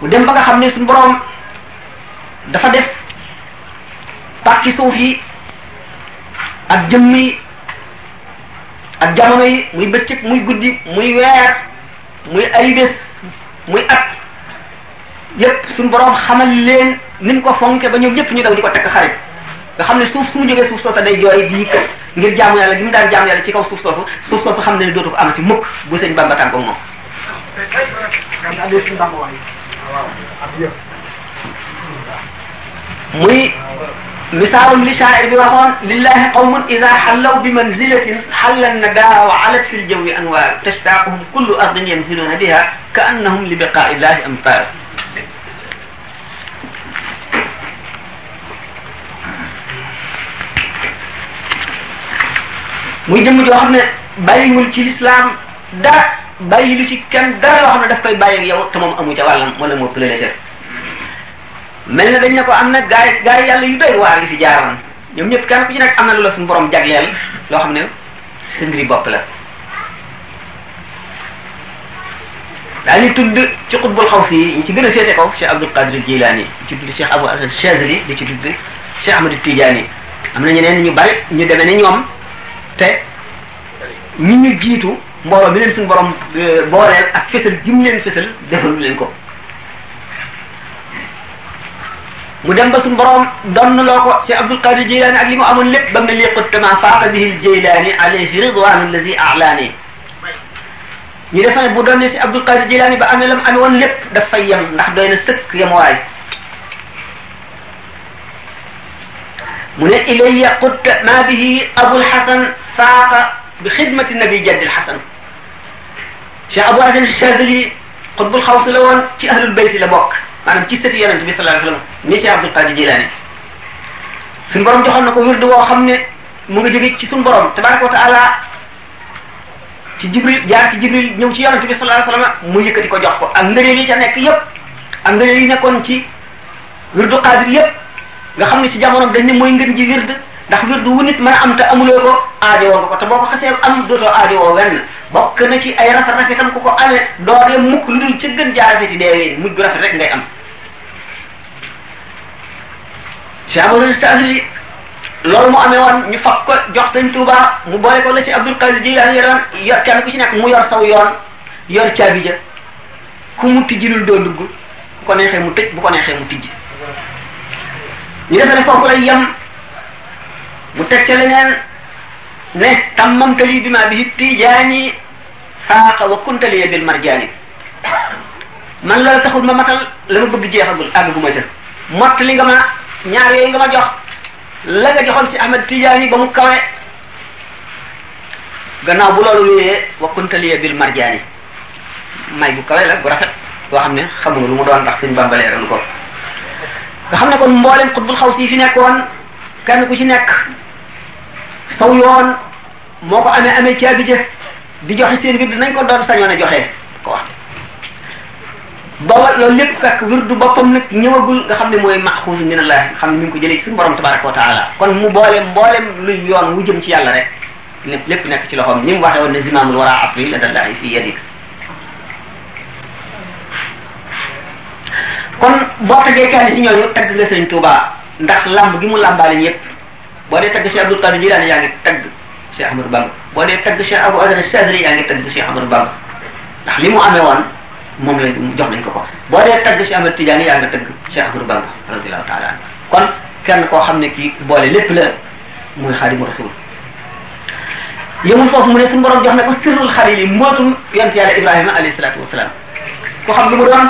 Speaker 1: mu dem ba nga xam ne suñu boroom dafa def pàcc suuf yi ak jëmm yi ak jamono yi muy bëccëg muy guddi muy weer muy ay bés muy at yépp suñu boroom xamal leen ni mu ko fonke ba ñoom ñëpp ñu daw di ko tekk xarit nga xam ne suuf su suuf soo sa day jooy di kër ngir jaamu yàlla gi mu daan jaamu yàlla ci kaw suuf soosu suuf soosu xam ne ne dootu ko amati mukk bu sëñ Bamba tànk moom muy misaalum li shaa'ir bi waxoon lillahi qawmun ida xallaw bi manzilatin xalla nadaara wa alat fi ljawwi anwaar tashtaaquhum kullu ardin yanziluuna biha ka annahum li biqaa'illahi amfaar muy jëmm joo xam ne bàyyiwul ci lislaam dara bàyyi lu ci kenn dara loo xam ne daf koy bàyyi ak yow te moom amu ca wàllam wala moo pëlale ca mel na dañ ne ko am na gaay gaay yàlla yu doy waar yi fi jaaroon ñoom ñëpp kenn ku ci nekk am na la suñu borom jagleel loo xam ne sa mbiri bopp la daal di tudd ci xutbul xaw si yi ñu ci gën a féete kaw Cheikh Abdul Qadir Jilani di ci tudd Cheikh Abou Hasan Chadhili di ci tudd Cheikh Ahmad Tidiane am na ñeneen ñu bari ñu demee ne ñoom te ñi ñu jiitu mbooloo mi leen suñu borom euh, booleel ak fësal jim leen fësal defalu leen ko mu dem ba suñu borom doon na loo ko ci Abdul Qadir Jeylaani ak li mu amoon lépp ba mel ni xuttama faaqa bihi Jeylaani alayhi ridwaanu allazi alaani ñu defa ne bu doon ne ci Abdul Qadir Jeylaani ba amee lam amee woon lépp daf fay yem ndax doy na sëkk yemuwaay mu ne ilayya xuttama bihi Abul Hasan faaqa bi xidmati nabi jaddil xasan cheikh abou hasan chazili xutbul xaws la woon ci ahlul bayti la bokk maanaam ci sëti yonent bi sallallahu alayhi wa sallam ni cheikh abdul qadir jilaani suñu borom joxoon na ko wirdu woo xam ne mu ngi jóge ci suñu borom tabaraka wa taala ci jibril jaar ci jibril ñëw ci yonent bi sallallahu alayhi wa sallam mu yëkkati ko jox ko ak ngëneel yi ca nekk yépp ak ngëneel yi nekkoon ci wirdu qadir yépp nga xam ne si jamono dañ ne mooy ngën ji wird ndax wirdu wu nit mën a am te amuloo ko aajowoo nga ko te boo ko xasee am dootoo aajowoo wenn bokk na ci ay rafet rafetam ku ko amee doo dee mukk lu dul ca gën jaa rafeti deewee rek ngay am chabosastagli loolu mu amee woon ñu fab ko jox sëñ Tuuba mu boole ko la si Abdul Qadir Jilaani yoroon yor kenn ku ci nekk mu yor saw yoon yor caabi ku mu tijjilul doo dugg bu mu tëj bu ko neexee mu tijj ñu defee ne foofu lay yem mu teg ca leneen ne tammamtali bi ma bihi tijaani faaqa wa kuntaliya bil marjaani man loolu taxul ma matal la ma bëgg jeexagul àggagu ma ca mott li nga ma ñaar yooyu nga ma jox la nga joxoon ci Ahmad Tijaani ba mu kawe gannaaw bu loolu wéyee wa kuntaliya bil marjaani may bu kawe la bu rafet boo xam ne xamuñu lu mu doon ndax suñ bambaleeral ko nga xam ne kon mboolem xutbul xaw si fi nekkoon kan ku ci nekk saw yoon moo ko amee amee caabi jëf di joxe seen wird nañ ko doon sa sañoon a joxe ko wax booba loolu lépp fekk wirdu boppam nag ñëwagul nga xam ne mooy maxuus min allah nga xam ne mi ko jëlee si borom tabaraka wa taala kon mu boole mboolem yoon wu jëm ci yàlla rek lépp lépp nekk ci loxoom ni mu waxee woon ne zimaamul wara asri la dallahi fi yadik kon boo tegee kenn si ñooñu tagg nga sëñ Tuubaa ndax lamb gi mu lambaale ñëpp boo dee tagg Cheikh Abdul Qadir Jilaani yaa ngi tagg Cheikh Ahmadou Bamba boo dee tagg Cheikh Abou Azar Sadri yaa ngi tagg Cheikh Ahmadou Bamba ndax li mu amee woon moom lañ jox nañ ko ko boo dee tagg Cheikh Ahmad Tidiane yaa ngi tagg Cheikh Ahmadou Bamba radiyallahu taala anhu kon kenn koo xam ne kii boole lépp la muy xaadimu rasul yëmul foofu mu ne suñu borom jox na ko sirrul xalil yi mbootum yonent yàlla Ibrahima alayhi salaatu wasalaam ko xam lu mu doon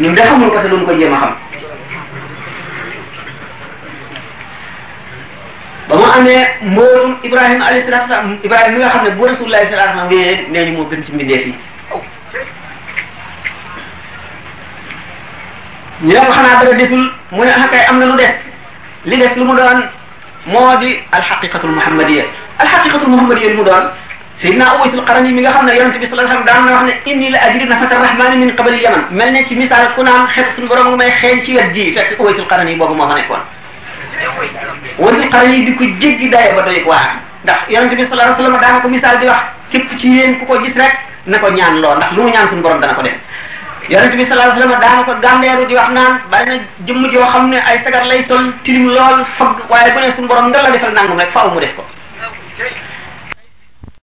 Speaker 1: ñun de xamuñu ko te duñu ko jéem a xam ba mu amee mbóorum Ibrahima alayhi salaatu salaam Ibrahima mi nga xam ne bu rasulullahi salaatu salaam wéyee nee ñu moo gën ci mbindeef yi ñu ne ko xanaa dara desul mu ne ah kay am na lu des li des lu mu doon moo di alxaqiqatul muhammadiya alxaqiqatul muhammadiya li mu doon sayidna Uwaysul Qarani mi nga xam ne yonente bi sallallahu alayhi wasallam daan na wax ne inni la ajidu nafata rahmani min qabali yaman mel ne ci misaal ku naan xet suñu borom ngi may xeeñ ci wet ji fekk Uwaysul Qarani boobu moo fa nekkoon wasi xare yi di ko jéggi daye ba doy waar ndax yonente bi sallallahu alayhi wasallam daana ko misaal di wax képp ci yéen ku ko gis rek na ko ñaan loo ndax lu mu ñaan suñu borom dana ko def yonente bi sallallahu alayhi wasallam daana ko gàndeeru di wax naan bari na jëmm joo xam ne ay sagar lay sol tilim lool fogg waaye bu ne suñu borom nga la defal nangum rek faaw mu def ko